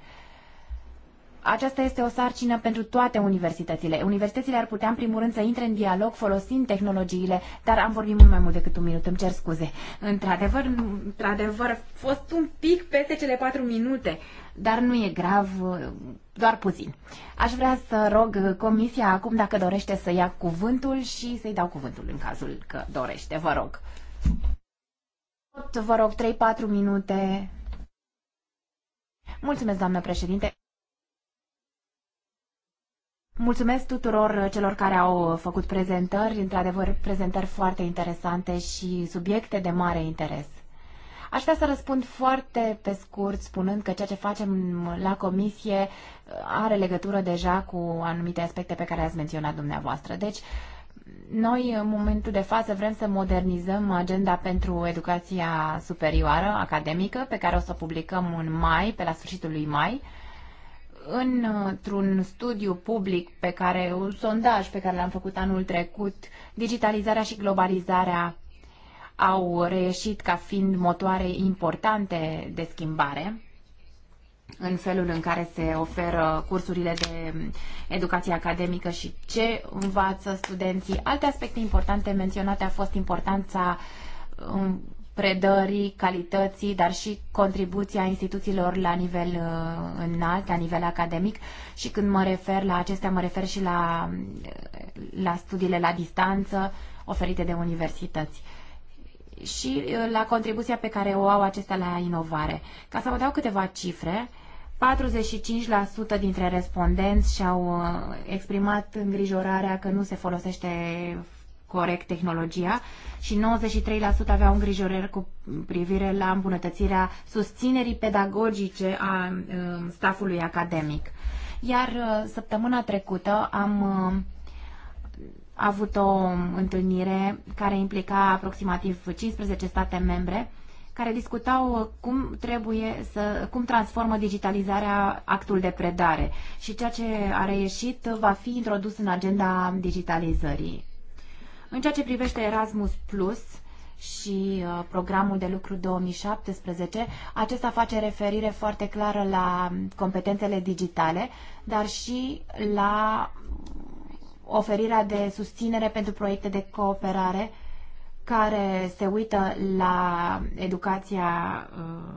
Aceasta este o sarcină pentru toate universitățile. Universitățile ar putea, în primul rând, să intre în dialog folosind tehnologiile, dar am vorbit mult mai mult decât un minut, îmi cer scuze. Într-adevăr, într-adevăr, a fost un pic peste cele patru minute, dar nu e grav, doar puțin. Aș vrea să rog comisia acum dacă dorește să ia cuvântul și să-i dau cuvântul în cazul că dorește. Vă rog. Tot vă rog 3-4 minute. Mulțumesc, doamnă președinte. Mulțumesc tuturor uh, celor care au uh, făcut prezentări, într-adevăr prezentări foarte interesante și subiecte de mare interes. Aș vrea să răspund foarte pe scurt, spunând că ceea ce facem la comisie uh, are legătură deja cu anumite aspecte pe care ați menționat dumneavoastră. Deci, noi, în momentul de față, vrem să modernizăm agenda pentru educația superioară academică, pe care o să o publicăm în mai, pe la sfârșitul lui mai, într-un studiu public pe care, un sondaj pe care l-am făcut anul trecut, digitalizarea și globalizarea au reieșit ca fiind motoare importante de schimbare în felul în care se oferă cursurile de educație academică și ce învață studenții. Alte aspecte importante menționate a fost importanța um, predării, calității, dar și contribuția instituțiilor la nivel uh, înalt, la nivel academic și când mă refer la acestea, mă refer și la, uh, la studiile la distanță oferite de universități și uh, la contribuția pe care o au acestea la inovare. Ca să vă dau câteva cifre, 45% dintre respondenți și-au uh, exprimat îngrijorarea că nu se folosește corect tehnologia și 93% aveau îngrijorări cu privire la îmbunătățirea susținerii pedagogice a um, stafului academic. Iar uh, săptămâna trecută am uh, avut o întâlnire care implica aproximativ 15 state membre care discutau uh, cum trebuie să, cum transformă digitalizarea actul de predare și ceea ce a reieșit va fi introdus în agenda digitalizării. În ceea ce privește Erasmus Plus și uh, programul de lucru 2017, acesta face referire foarte clară la competențele digitale, dar și la oferirea de susținere pentru proiecte de cooperare care se uită la educația uh,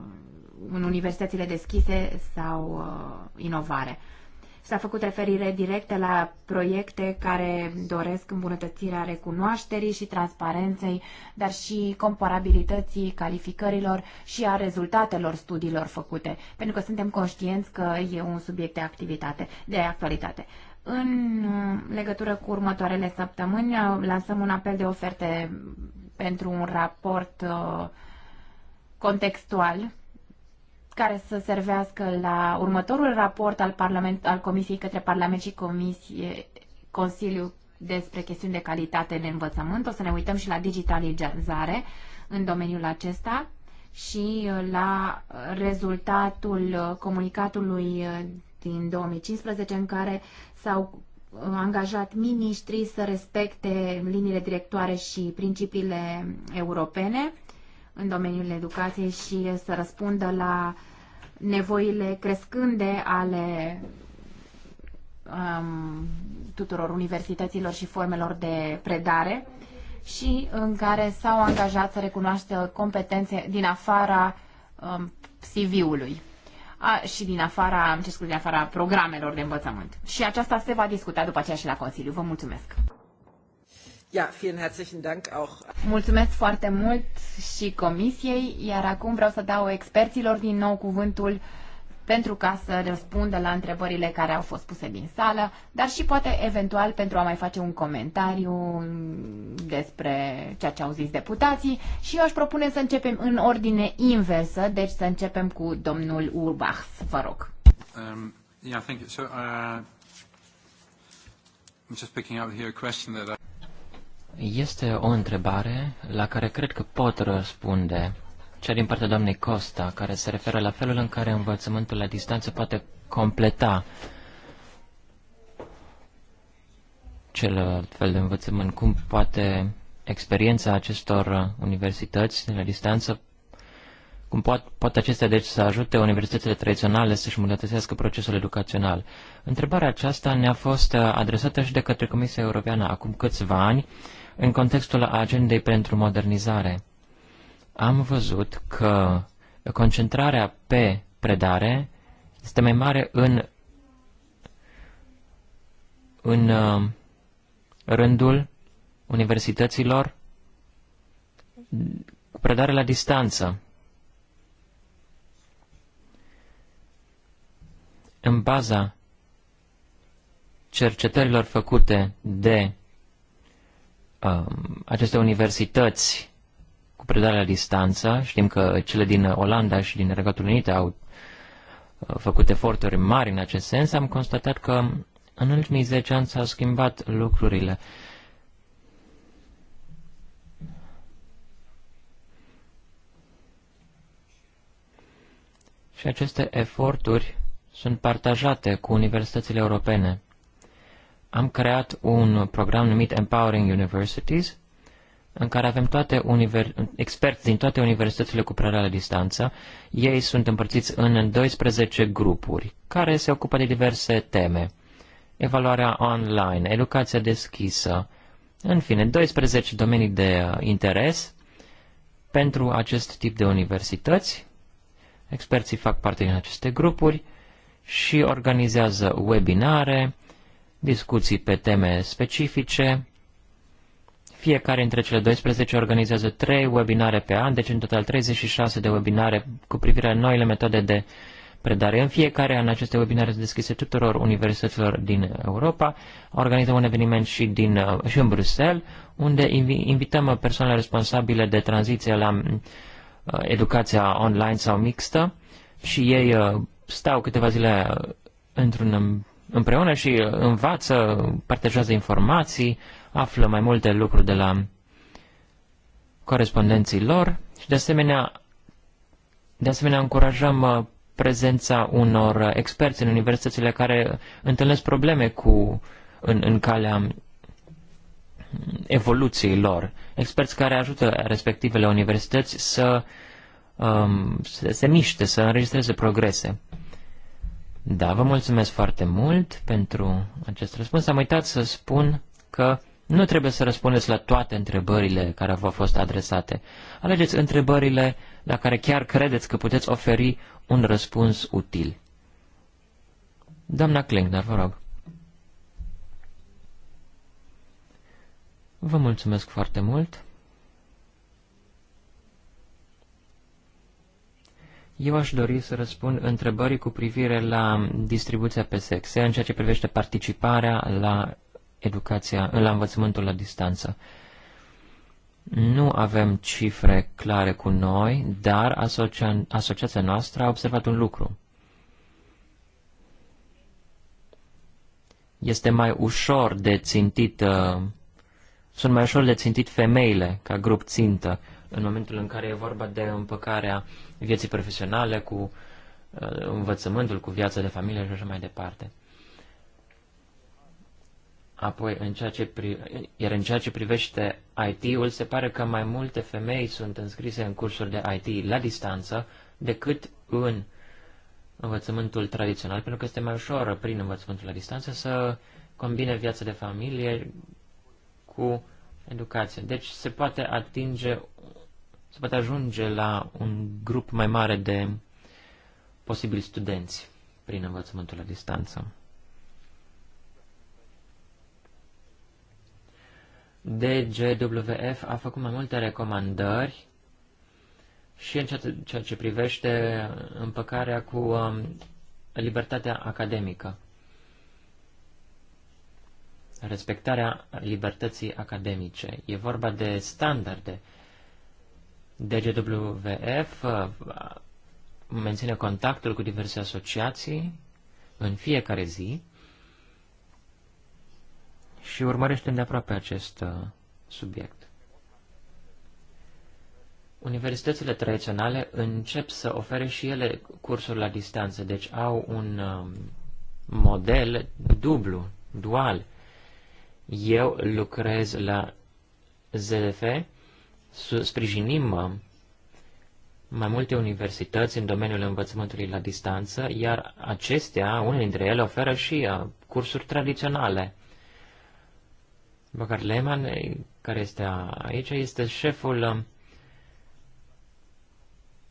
în universitățile deschise sau uh, inovare. S-a făcut referire directă la proiecte care doresc îmbunătățirea recunoașterii și transparenței, dar și comparabilității calificărilor și a rezultatelor studiilor făcute, pentru că suntem conștienți că e un subiect de activitate, de actualitate. În legătură cu următoarele săptămâni, lansăm un apel de oferte pentru un raport uh, contextual care să servească la următorul raport al, Parlament, al Comisiei către Parlament și Comisie, Consiliu despre chestiuni de calitate în învățământ. O să ne uităm și la digitalizare în domeniul acesta și uh, la rezultatul uh, comunicatului uh, din 2015 în care s-au angajat miniștrii să respecte liniile directoare și principiile europene în domeniul educației și să răspundă la nevoile crescânde ale um, tuturor universităților și formelor de predare și în care s-au angajat să recunoască competențe din afara um, CV-ului a, și din afara, ce scuze, din afara programelor de învățământ. Și aceasta se va discuta după aceea și la Consiliu. Vă mulțumesc! Mulțumesc foarte mult și comisiei, iar acum vreau să dau experților din nou cuvântul pentru ca să răspundă la întrebările care au fost puse din sală, dar și poate eventual pentru a mai face un comentariu despre ceea ce au zis deputații și eu aș propune să începem în ordine inversă, deci să începem cu domnul Urbach. vă rog. Um, yeah, thank you. So, uh, I'm just picking up here a question that I... Este o întrebare la care cred că pot răspunde cea din partea doamnei Costa, care se referă la felul în care învățământul la distanță poate completa cel fel de învățământ, cum poate experiența acestor universități la distanță, cum pot, pot acestea deci să ajute universitățile tradiționale să-și îmbunătățească procesul educațional. Întrebarea aceasta ne-a fost adresată și de către Comisia Europeană acum câțiva ani în contextul agendei pentru modernizare, am văzut că concentrarea pe predare este mai mare în, în uh, rândul universităților cu predare la distanță. În baza cercetărilor făcute de Um, aceste universități cu predarea la distanță, știm că cele din Olanda și din Regatul Unit au uh, făcut eforturi mari în acest sens, am constatat că în ultimii 10 ani s-au schimbat lucrurile. Și aceste eforturi sunt partajate cu universitățile europene am creat un program numit Empowering Universities, în care avem toate univers- experți din toate universitățile cu prea la distanță. Ei sunt împărțiți în 12 grupuri, care se ocupă de diverse teme. Evaluarea online, educația deschisă, în fine, 12 domenii de uh, interes pentru acest tip de universități. Experții fac parte din aceste grupuri și organizează webinare, discuții pe teme specifice. Fiecare dintre cele 12 organizează 3 webinare pe an, deci în total 36 de webinare cu privire la noile metode de predare. În fiecare an aceste webinare sunt deschise tuturor universităților din Europa. Organizăm un eveniment și, din, și în Bruxelles, unde invităm persoanele responsabile de tranziție la uh, educația online sau mixtă și ei uh, stau câteva zile uh, într-un împreună și uh, învață, partajează informații, află mai multe lucruri de la corespondenții lor și de asemenea, de asemenea încurajăm uh, prezența unor uh, experți în universitățile care întâlnesc probleme cu, în, în calea um, evoluției lor. Experți care ajută respectivele universități să, um, să se miște, să înregistreze progrese. Da, vă mulțumesc foarte mult pentru acest răspuns. Am uitat să spun că nu trebuie să răspundeți la toate întrebările care v-au fost adresate. Alegeți întrebările la care chiar credeți că puteți oferi un răspuns util. Doamna Klingner, vă rog. Vă mulțumesc foarte mult. Eu aș dori să răspund întrebării cu privire la distribuția pe sexe în ceea ce privește participarea la educația, la învățământul la distanță. Nu avem cifre clare cu noi, dar asocia, asociația noastră a observat un lucru. Este mai ușor de țintit, sunt mai ușor de țintit femeile ca grup țintă în momentul în care e vorba de împăcarea vieții profesionale cu uh, învățământul, cu viața de familie și așa mai departe. Apoi, în ceea ce pri... iar în ceea ce privește IT-ul, se pare că mai multe femei sunt înscrise în cursuri de IT la distanță decât în învățământul tradițional, pentru că este mai ușor prin învățământul la distanță să combine viața de familie cu educație. Deci se poate atinge se poate ajunge la un grup mai mare de posibili studenți prin învățământul la distanță. DGWF a făcut mai multe recomandări și în ceea ce privește împăcarea cu um, libertatea academică. Respectarea libertății academice. E vorba de standarde DGWF uh, menține contactul cu diverse asociații în fiecare zi și urmărește îndeaproape acest uh, subiect. Universitățile tradiționale încep să ofere și ele cursuri la distanță, deci au un um, model dublu, dual. Eu lucrez la ZDF sprijinim uh, mai multe universități în domeniul învățământului la distanță, iar acestea, unele dintre ele, oferă și uh, cursuri tradiționale. Bacar Lehmann, eh, care este aici, este șeful uh,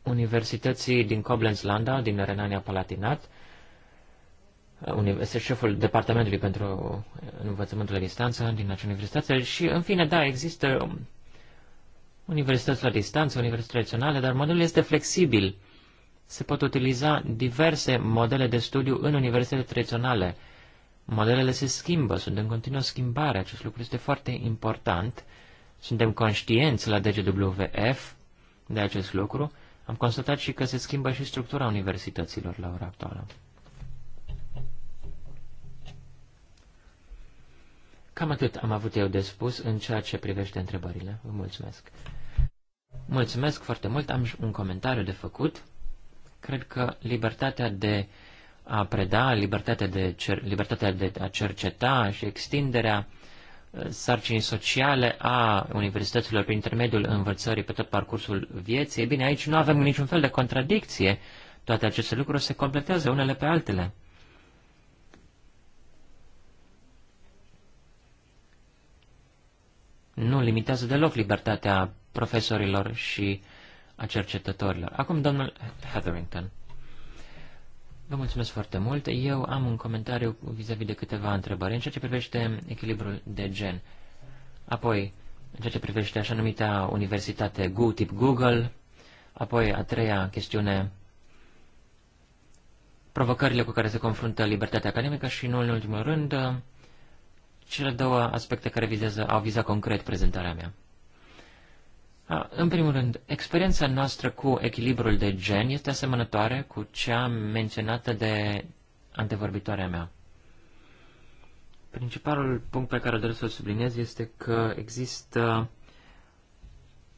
Universității din koblenz landa din Renania Palatinat, este șeful departamentului pentru învățământul la distanță din acea universitate și, în fine, da, există um, universități la distanță, universități tradiționale, dar modelul este flexibil. Se pot utiliza diverse modele de studiu în universitățile tradiționale. Modelele se schimbă, sunt în continuă schimbare. Acest lucru este foarte important. Suntem conștienți la DGWF de acest lucru. Am constatat și că se schimbă și structura universităților la ora actuală. Cam atât am avut eu de spus în ceea ce privește întrebările. Vă mulțumesc. Mulțumesc foarte mult, am un comentariu de făcut. Cred că libertatea de a preda, libertatea de, cer, libertatea de a cerceta și extinderea uh, sarcinii sociale a universităților prin intermediul învățării pe tot parcursul vieții, e bine, aici nu avem niciun fel de contradicție. Toate aceste lucruri se completează unele pe altele. Nu limitează deloc libertatea profesorilor și a cercetătorilor. Acum, domnul Hetherington. Vă mulțumesc foarte mult. Eu am un comentariu vis-a-vis -vis de câteva întrebări în ceea ce privește echilibrul de gen. Apoi, în ceea ce privește așa numita universitate Gu tip Google. Apoi, a treia chestiune, provocările cu care se confruntă libertatea academică și, nu în ultimul rând, cele două aspecte care vizează, au vizat concret prezentarea mea. În primul rând, experiența noastră cu echilibrul de gen este asemănătoare cu cea menționată de antevorbitoarea mea. Principalul punct pe care doresc să-l subliniez este că există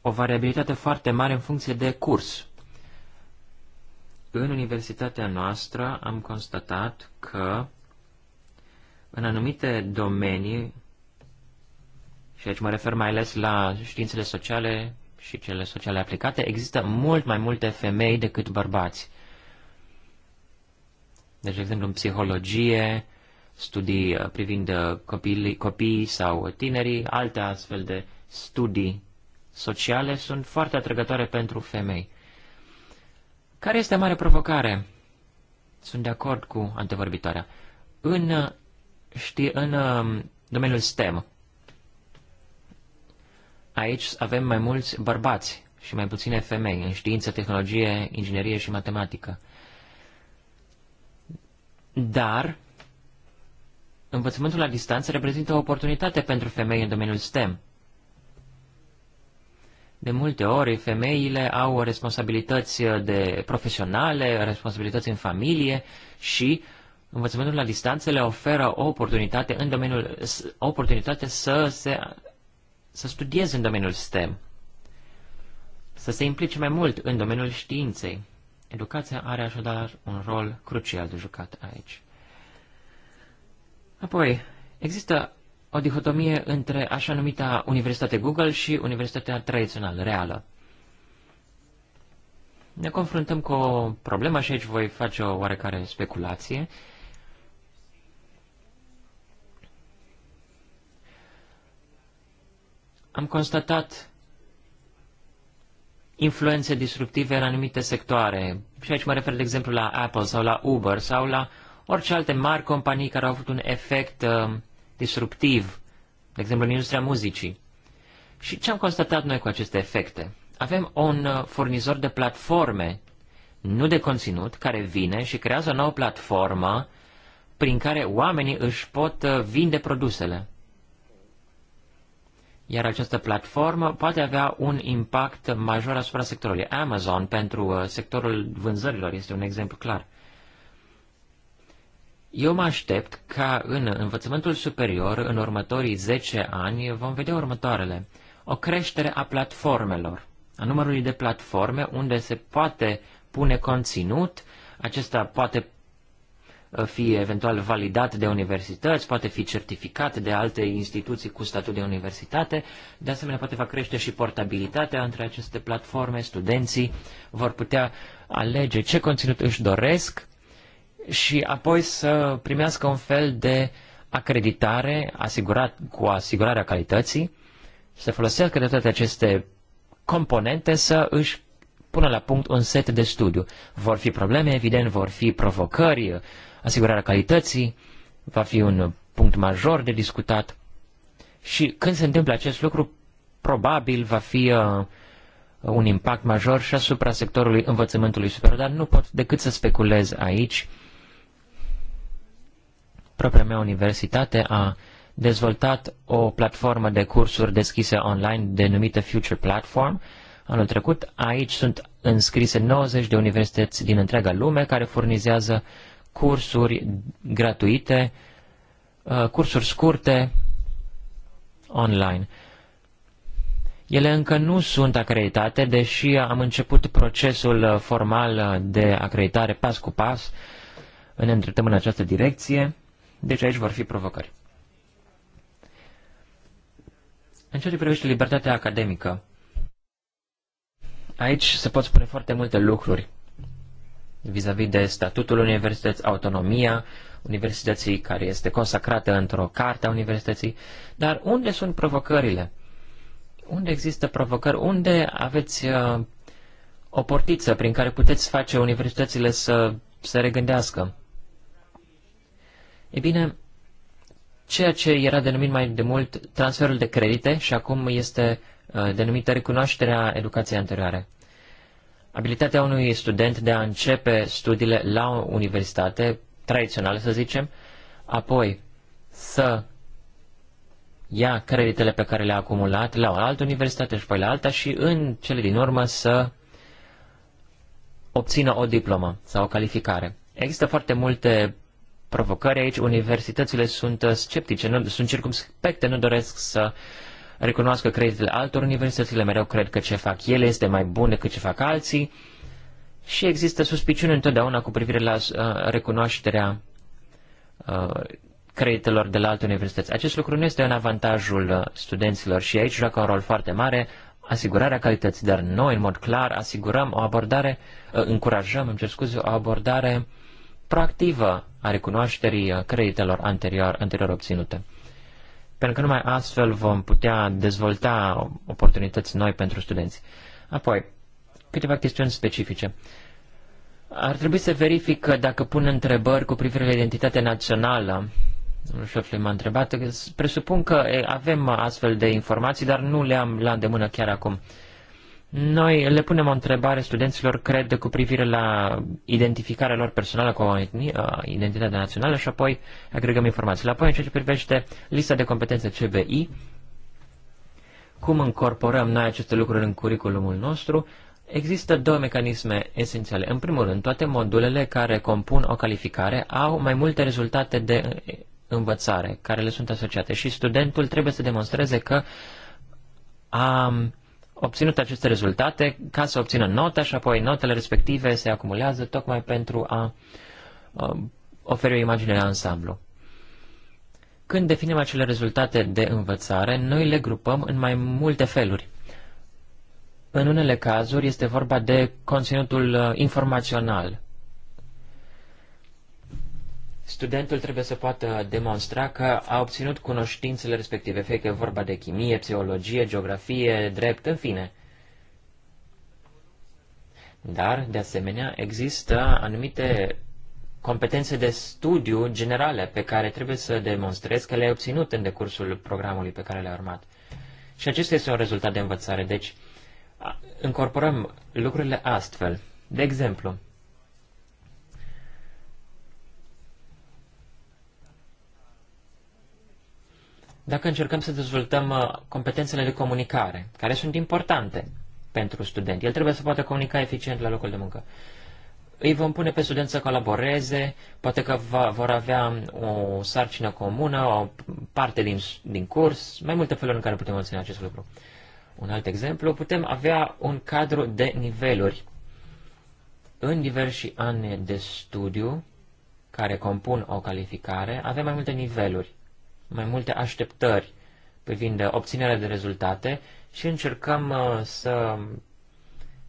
o variabilitate foarte mare în funcție de curs. În universitatea noastră am constatat că în anumite domenii, și aici mă refer mai ales la științele sociale, și cele sociale aplicate, există mult mai multe femei decât bărbați. Deci, de exemplu, în psihologie, studii uh, privind uh, copiii, copiii sau tinerii, alte astfel de studii sociale sunt foarte atrăgătoare pentru femei. Care este mare provocare? Sunt de acord cu antevorbitoarea. În, uh, știi, în domeniul STEM, Aici avem mai mulți bărbați și mai puține femei în știință, tehnologie, inginerie și matematică. Dar învățământul la distanță reprezintă o oportunitate pentru femei în domeniul STEM. De multe ori, femeile au responsabilități de profesionale, responsabilități în familie și învățământul la distanță le oferă o oportunitate în domeniul, o oportunitate să se să studieze în domeniul STEM, să se implice mai mult în domeniul științei. Educația are așadar un rol crucial de jucat aici. Apoi, există o dihotomie între așa numita Universitate Google și Universitatea tradițională, reală. Ne confruntăm cu o problemă și aici voi face o oarecare speculație. Uh, am constatat influențe disruptive în anumite sectoare. Și aici mă refer, de exemplu, la Apple sau la Uber sau la orice alte mari companii care au avut un efect uh, disruptiv, de exemplu, în industria muzicii. Și ce am constatat noi cu aceste efecte? Avem un uh, furnizor de platforme, nu de conținut, care vine și creează o nouă platformă prin care oamenii își pot uh, vinde produsele iar această platformă poate avea un impact major asupra sectorului. Amazon pentru uh, sectorul vânzărilor este un exemplu clar. Eu mă aștept ca în învățământul superior, în următorii 10 ani, vom vedea următoarele. O creștere a platformelor, a numărului de platforme unde se poate pune conținut, acesta poate fi eventual validat de universități, poate fi certificat de alte instituții cu statut de universitate. De asemenea, poate va crește și portabilitatea între aceste platforme. Studenții vor putea alege ce conținut își doresc și apoi să primească un fel de acreditare asigurat, cu asigurarea calității, să folosească de toate aceste componente să își pună la punct un set de studiu. Vor fi probleme, evident, vor fi provocări, asigurarea calității va fi un punct major de discutat și când se întâmplă acest lucru, probabil va fi uh, un impact major și asupra sectorului învățământului superior, dar nu pot decât să speculez aici. Propria mea universitate a dezvoltat o platformă de cursuri deschise online denumită Future Platform. Anul trecut aici sunt înscrise 90 de universități din întreaga lume care furnizează uh, cursuri gratuite, uh, cursuri scurte online. Ele încă nu sunt acreditate, deși am început procesul uh, formal uh, de acreditare pas cu pas. Ne îndreptăm în această direcție, deci aici vor fi provocări. În ceea ce privește libertatea academică, aici se pot spune foarte multe lucruri vis-a-vis -vis de statutul universității, autonomia universității care este consacrată într-o carte a universității, dar unde sunt provocările? Unde există provocări? Unde aveți uh, o portiță prin care puteți face universitățile să se regândească? E bine, ceea ce era denumit mai de mult transferul de credite și acum este uh, denumită recunoașterea educației anterioare abilitatea unui student de a începe studiile la o universitate tradițională, să zicem, apoi să ia creditele pe care le-a acumulat la o altă universitate și apoi la alta și în cele din urmă să obțină o diplomă sau o calificare. Există foarte multe provocări aici, universitățile sunt sceptice, nu, sunt circumspecte, nu doresc să uh, recunoască creditele altor universitățile, mereu cred că ce fac ele este mai bun decât ce fac alții și există suspiciune întotdeauna cu privire la uh, recunoașterea uh, creditelor de la alte universități. Acest lucru nu este în avantajul uh, studenților și aici joacă un rol foarte mare asigurarea calității, dar noi, în mod clar, asigurăm o abordare, încurajăm, îmi cer scuze, o abordare proactivă a recunoașterii creditelor anterior, anterior obținute pentru că numai astfel vom putea dezvolta oportunități noi pentru studenți. Apoi, câteva chestiuni specifice. Ar trebui să verific dacă pun întrebări cu privire la identitatea națională. Nu știu ce m-a întrebat. Presupun că avem astfel de informații, dar nu le am la îndemână chiar acum. Uh, noi le punem o întrebare studenților, cred, cu privire la identificarea lor personală cu identitatea națională și apoi agregăm informații. Apoi, în ceea ce privește lista de competențe CBI, cum incorporăm noi aceste lucruri în curriculumul nostru, există două mecanisme esențiale. În primul rând, toate modulele care compun o calificare au mai multe rezultate de învățare care le sunt asociate și studentul trebuie să demonstreze că a obținut aceste rezultate ca să obțină nota și apoi notele respective se acumulează tocmai pentru a oferi o imagine de ansamblu. Când definim acele rezultate de învățare, noi le grupăm în mai multe feluri. În unele cazuri este vorba de conținutul uh, informațional, studentul trebuie să poată demonstra că a obținut cunoștințele respective, fie că e vorba de chimie, psihologie, geografie, drept, în fine. Dar, de asemenea, există anumite competențe de studiu generale pe care trebuie să demonstrezi că le-ai obținut în decursul programului pe care le-ai urmat. Și acesta este un rezultat de învățare. Deci, încorporăm lucrurile astfel. De exemplu, dacă încercăm să dezvoltăm uh, competențele de comunicare, care sunt importante pentru student. El trebuie să poată comunica eficient la locul de muncă. Îi vom pune pe studenți să colaboreze, poate că va, vor avea um, o sarcină comună, o parte din, din curs, mai multe feluri în care putem obține acest lucru. Un alt exemplu, putem avea un cadru de niveluri în diversi ani de studiu care compun o calificare, avem mai multe niveluri mai multe așteptări privind obținerea de rezultate și încercăm uh, să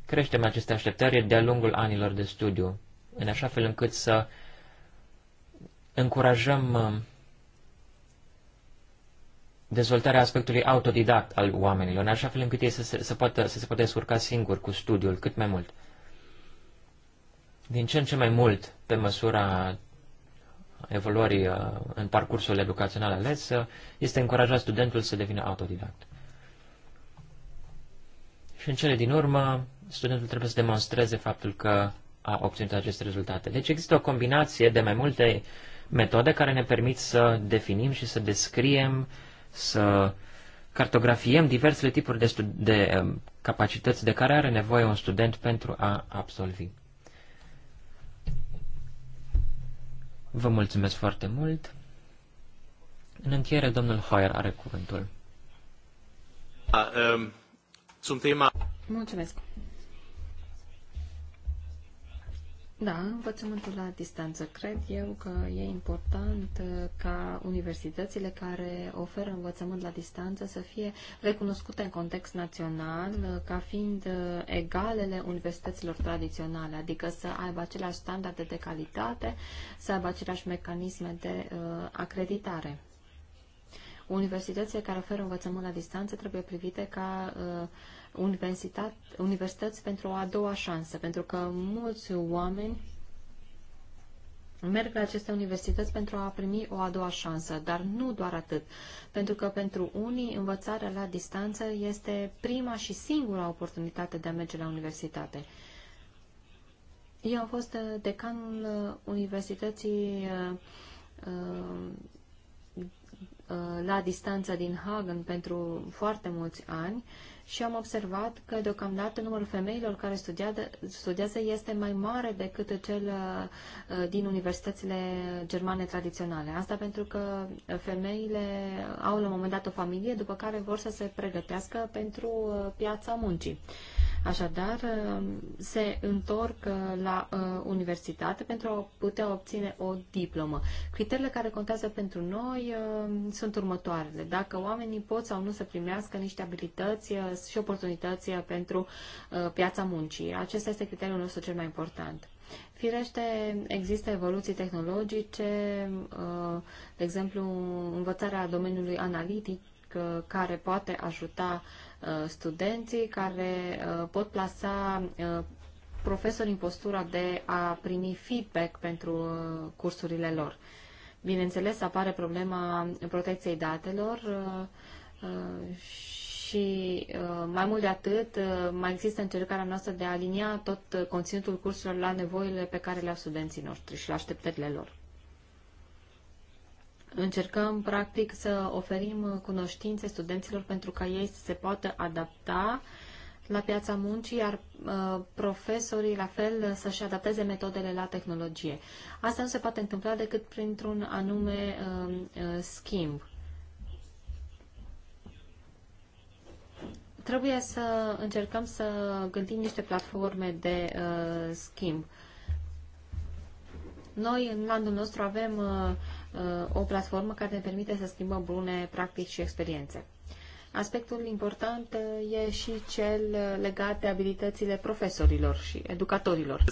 creștem aceste așteptări de-a lungul anilor de studiu, în așa fel încât să încurajăm uh, dezvoltarea aspectului autodidact al oamenilor, în așa fel încât ei să se, să, poată, să se poată descurca singur cu studiul cât mai mult. Din ce în ce mai mult, pe măsura evoluării uh, în parcursul educațional ales, uh, este încurajat studentul să devină autodidact. Și în cele din urmă, studentul trebuie să demonstreze faptul că a obținut aceste rezultate. Deci există o combinație de mai multe metode care ne permit să definim și să descriem, să cartografiem diversele tipuri de, de um, capacități de care are nevoie un student pentru a absolvi. Vă mulțumesc foarte mult. În încheiere, domnul Hoyer are cuvântul. Da, um, mulțumesc. Da, învățământul la distanță. Cred eu că e important uh, ca universitățile care oferă învățământ la distanță să fie recunoscute în context național uh, ca fiind uh, egalele universităților tradiționale, adică să aibă aceleași standarde de calitate, să aibă aceleași mecanisme de acreditare. Universitățile care oferă învățământ la distanță trebuie privite ca uh, universități pentru a doua șansă, pentru că mulți oameni merg la aceste universități pentru a primi o a doua șansă, dar nu doar atât, pentru că pentru unii învățarea la distanță este prima și singura oportunitate de a merge la universitate. Eu am fost uh, decanul uh, Universității uh, la distanță din Hagen pentru foarte mulți ani și am observat că deocamdată numărul femeilor care studiază, studiază este mai mare decât cel uh, din universitățile germane tradiționale. Asta pentru că femeile au la un moment dat o familie, după care vor să se pregătească pentru uh, piața muncii. Așadar, um, se întorc uh, la uh, universitate pentru a putea obține o diplomă. Criteriile care contează pentru noi um, sunt următoarele. Dacă oamenii pot sau nu să primească niște abilități uh, și oportunități pentru piața muncii. Acesta este criteriul nostru cel mai important. Firește, există evoluții tehnologice, de exemplu, învățarea domeniului analitic, care poate ajuta Uh, studenții care uh, pot plasa uh, profesori în postura de a primi feedback pentru cursurile lor. Bineînțeles, apare problema protecției datelor și mai mult de atât, mai există încercarea noastră de a alinia tot conținutul cursurilor la nevoile pe care le au studenții noștri și la așteptările lor. Încercăm, practic, să oferim cunoștințe studenților pentru ca ei să se poată adapta la piața muncii, iar uh, profesorii, la fel, să-și adapteze metodele la tehnologie. Asta nu se poate întâmpla decât printr-un anume um, uh, schimb. Trebuie să încercăm să gândim niște platforme de uh, schimb. Noi, în landul nostru, avem uh, Uh, o platformă care ne permite să schimbăm bune practici și experiențe. Aspectul important uh, e și cel uh, legat de abilitățile profesorilor și educatorilor.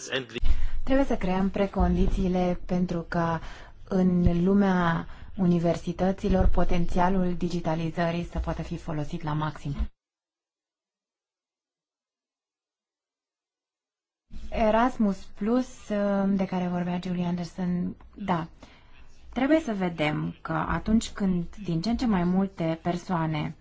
Trebuie să creăm precondițiile pentru ca în lumea universităților potențialul digitalizării să poată fi folosit la maxim. Erasmus Plus, de care vorbea Julie Anderson, da, Trebuie să vedem că atunci când din ce în ce mai multe persoane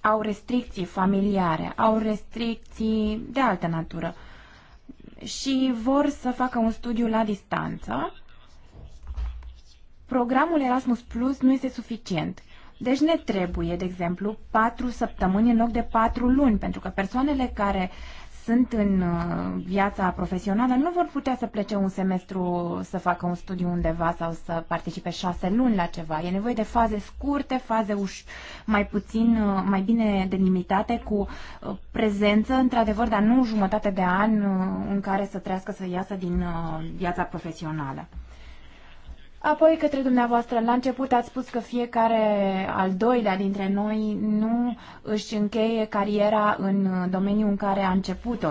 au restricții familiare, au restricții de altă natură și vor să facă un studiu la distanță, programul Erasmus Plus nu este suficient. Deci ne trebuie, de exemplu, patru săptămâni în loc de patru luni, pentru că persoanele care sunt în uh, viața profesională nu vor putea să plece un semestru să facă un studiu undeva sau să participe șase luni la ceva. E nevoie de faze scurte, faze uș- mai puțin, uh, mai bine delimitate, cu uh, prezență, într-adevăr, dar nu jumătate de an în care să trăiască să iasă din viața profesională. Apoi către dumneavoastră, la început ați spus că fiecare al doilea dintre noi nu își încheie cariera în domeniul în care a început-o.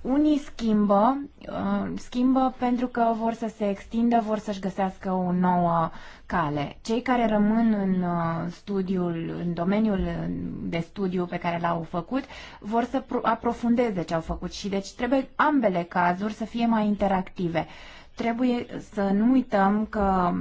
Unii schimbă, uh, schimbă pentru că vor să se extindă, vor să-și găsească o nouă cale. Cei care rămân în uh, studiul, în domeniul uh, de studiu pe care l-au făcut, vor să aprofundeze ce au făcut și deci trebuie ambele cazuri să fie mai interactive. Uh, Trebuie să nu uităm că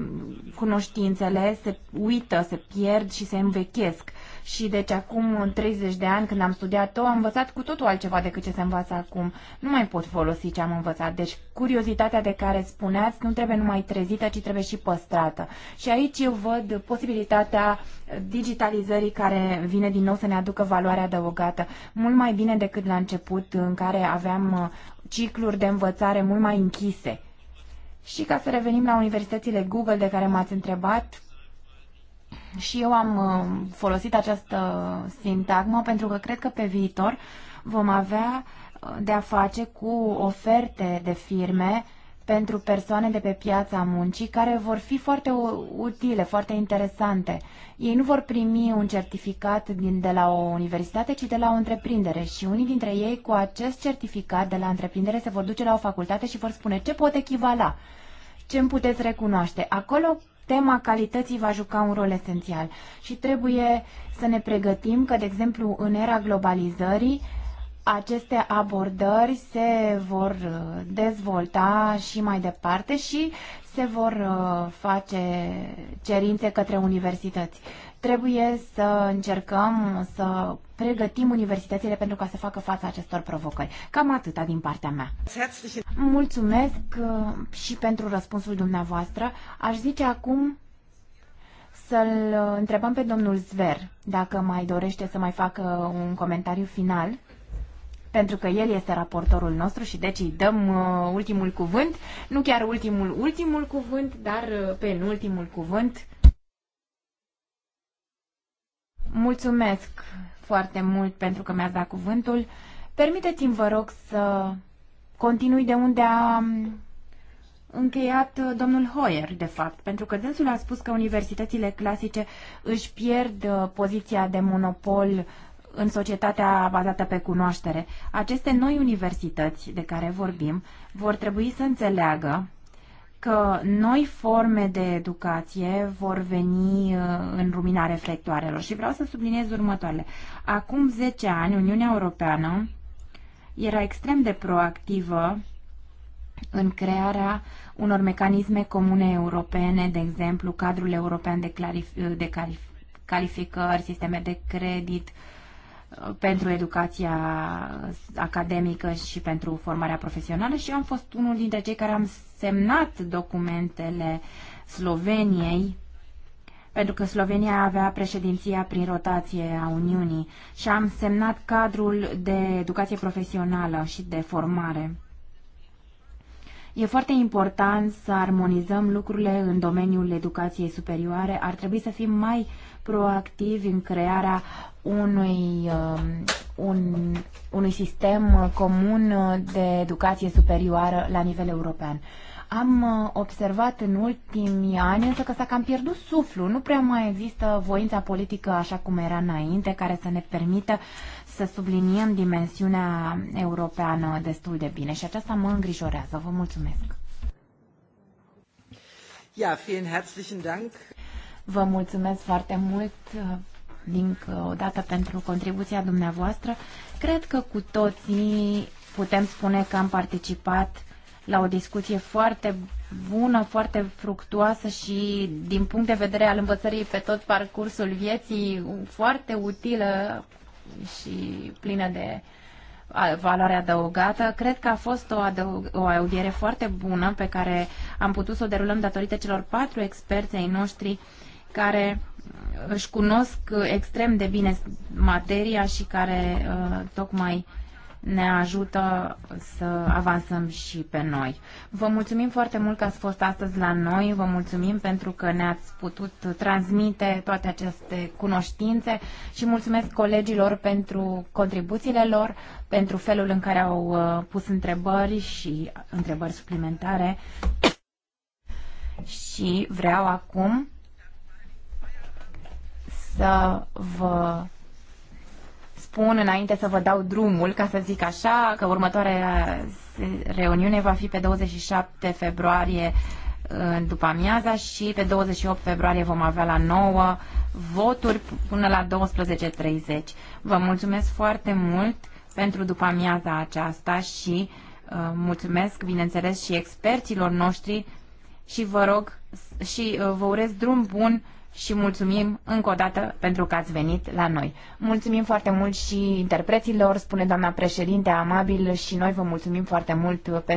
cunoștințele se uită, se pierd și se învechesc. Și deci acum 30 de ani când am studiat-o, am învățat cu totul altceva decât ce se învață acum. Nu mai pot folosi ce am învățat. Deci curiozitatea de care spuneați nu trebuie numai trezită, ci trebuie și păstrată. Și aici eu văd posibilitatea digitalizării care vine din nou să ne aducă valoare adăugată. Mult mai bine decât la început în care aveam uh, cicluri de învățare mult mai închise și ca să revenim la universitățile Google de care m-ați întrebat, și eu am uh, folosit această sintagmă pentru că cred că pe viitor vom avea uh, de a face cu oferte de firme pentru persoane de pe piața muncii care vor fi foarte utile, foarte interesante. Ei nu vor primi un certificat din, de la o universitate, ci de la o întreprindere și unii dintre ei cu acest certificat de la întreprindere se vor duce la o facultate și vor spune ce pot echivala, ce îmi puteți recunoaște. Acolo tema calității va juca un rol esențial și trebuie să ne pregătim că, de exemplu, în era globalizării, aceste abordări se vor uh, dezvolta și mai departe și se vor uh, face cerințe către universități. Trebuie să încercăm să pregătim universitățile pentru ca să facă fața acestor provocări. Cam atâta din partea mea. Mulțumesc uh, și pentru răspunsul dumneavoastră. Aș zice acum să-l întrebăm pe domnul Zver dacă mai dorește să mai facă un comentariu final pentru că el este raportorul nostru și deci îi dăm uh, ultimul cuvânt, nu chiar ultimul, ultimul cuvânt, dar uh, penultimul cuvânt. Mulțumesc foarte mult pentru că mi-ați dat cuvântul. Permiteți-mi, vă rog, să continui de unde a um, încheiat uh, domnul Hoyer, de fapt, pentru că dânsul a spus că universitățile clasice își pierd uh, poziția de monopol în societatea bazată pe cunoaștere. Aceste noi universități de care vorbim vor trebui să înțeleagă că noi forme de educație vor veni uh, în lumina reflectoarelor. Și vreau să subliniez următoarele. Acum 10 ani, Uniunea Europeană era extrem de proactivă în crearea unor mecanisme comune europene, de exemplu, cadrul european de, clarif- de calif- calificări, sisteme de credit, uh, pentru educația academică și pentru formarea profesională și eu am fost unul dintre cei care am semnat documentele Sloveniei pentru că Slovenia avea președinția prin rotație a Uniunii și am semnat cadrul de educație profesională și de formare. E foarte important să armonizăm lucrurile în domeniul educației superioare. Ar trebui să fim mai proactivi în crearea unui, um, un, unui sistem comun de educație superioară la nivel european. Am uh, observat în ultimii ani însă că s-a cam pierdut suflu. nu prea mai există voința politică așa cum era înainte, care să ne permită să subliniem dimensiunea europeană destul de bine și aceasta mă îngrijorează. Vă mulțumesc! Ja, vielen herzlichen Dank. Vă mulțumesc foarte mult link uh, o dată pentru contribuția dumneavoastră. Cred că cu toții putem spune că am participat la o discuție foarte bună, foarte fructuoasă și din punct de vedere al învățării pe tot parcursul vieții foarte utilă și plină de valoare adăugată. Cred că a fost o, adăug- o audiere foarte bună pe care am putut să o derulăm datorită celor patru experți ai noștri care își cunosc extrem de bine materia și care uh, tocmai ne ajută să avansăm și pe noi. Vă mulțumim foarte mult că ați fost astăzi la noi, vă mulțumim pentru că ne-ați putut transmite toate aceste cunoștințe și mulțumesc colegilor pentru contribuțiile lor, pentru felul în care au uh, pus întrebări și întrebări suplimentare. și vreau acum să vă spun înainte să vă dau drumul, ca să zic așa, că următoarea reuniune va fi pe 27 februarie după amiaza și pe 28 februarie vom avea la 9 voturi până la 12.30. Vă mulțumesc foarte mult pentru după amiaza aceasta și uh, mulțumesc, bineînțeles, și experților noștri și vă rog și uh, vă urez drum bun și mulțumim încă o dată pentru că ați venit la noi. Mulțumim foarte mult și interpreților, spune doamna președinte, amabil și noi vă mulțumim foarte mult pentru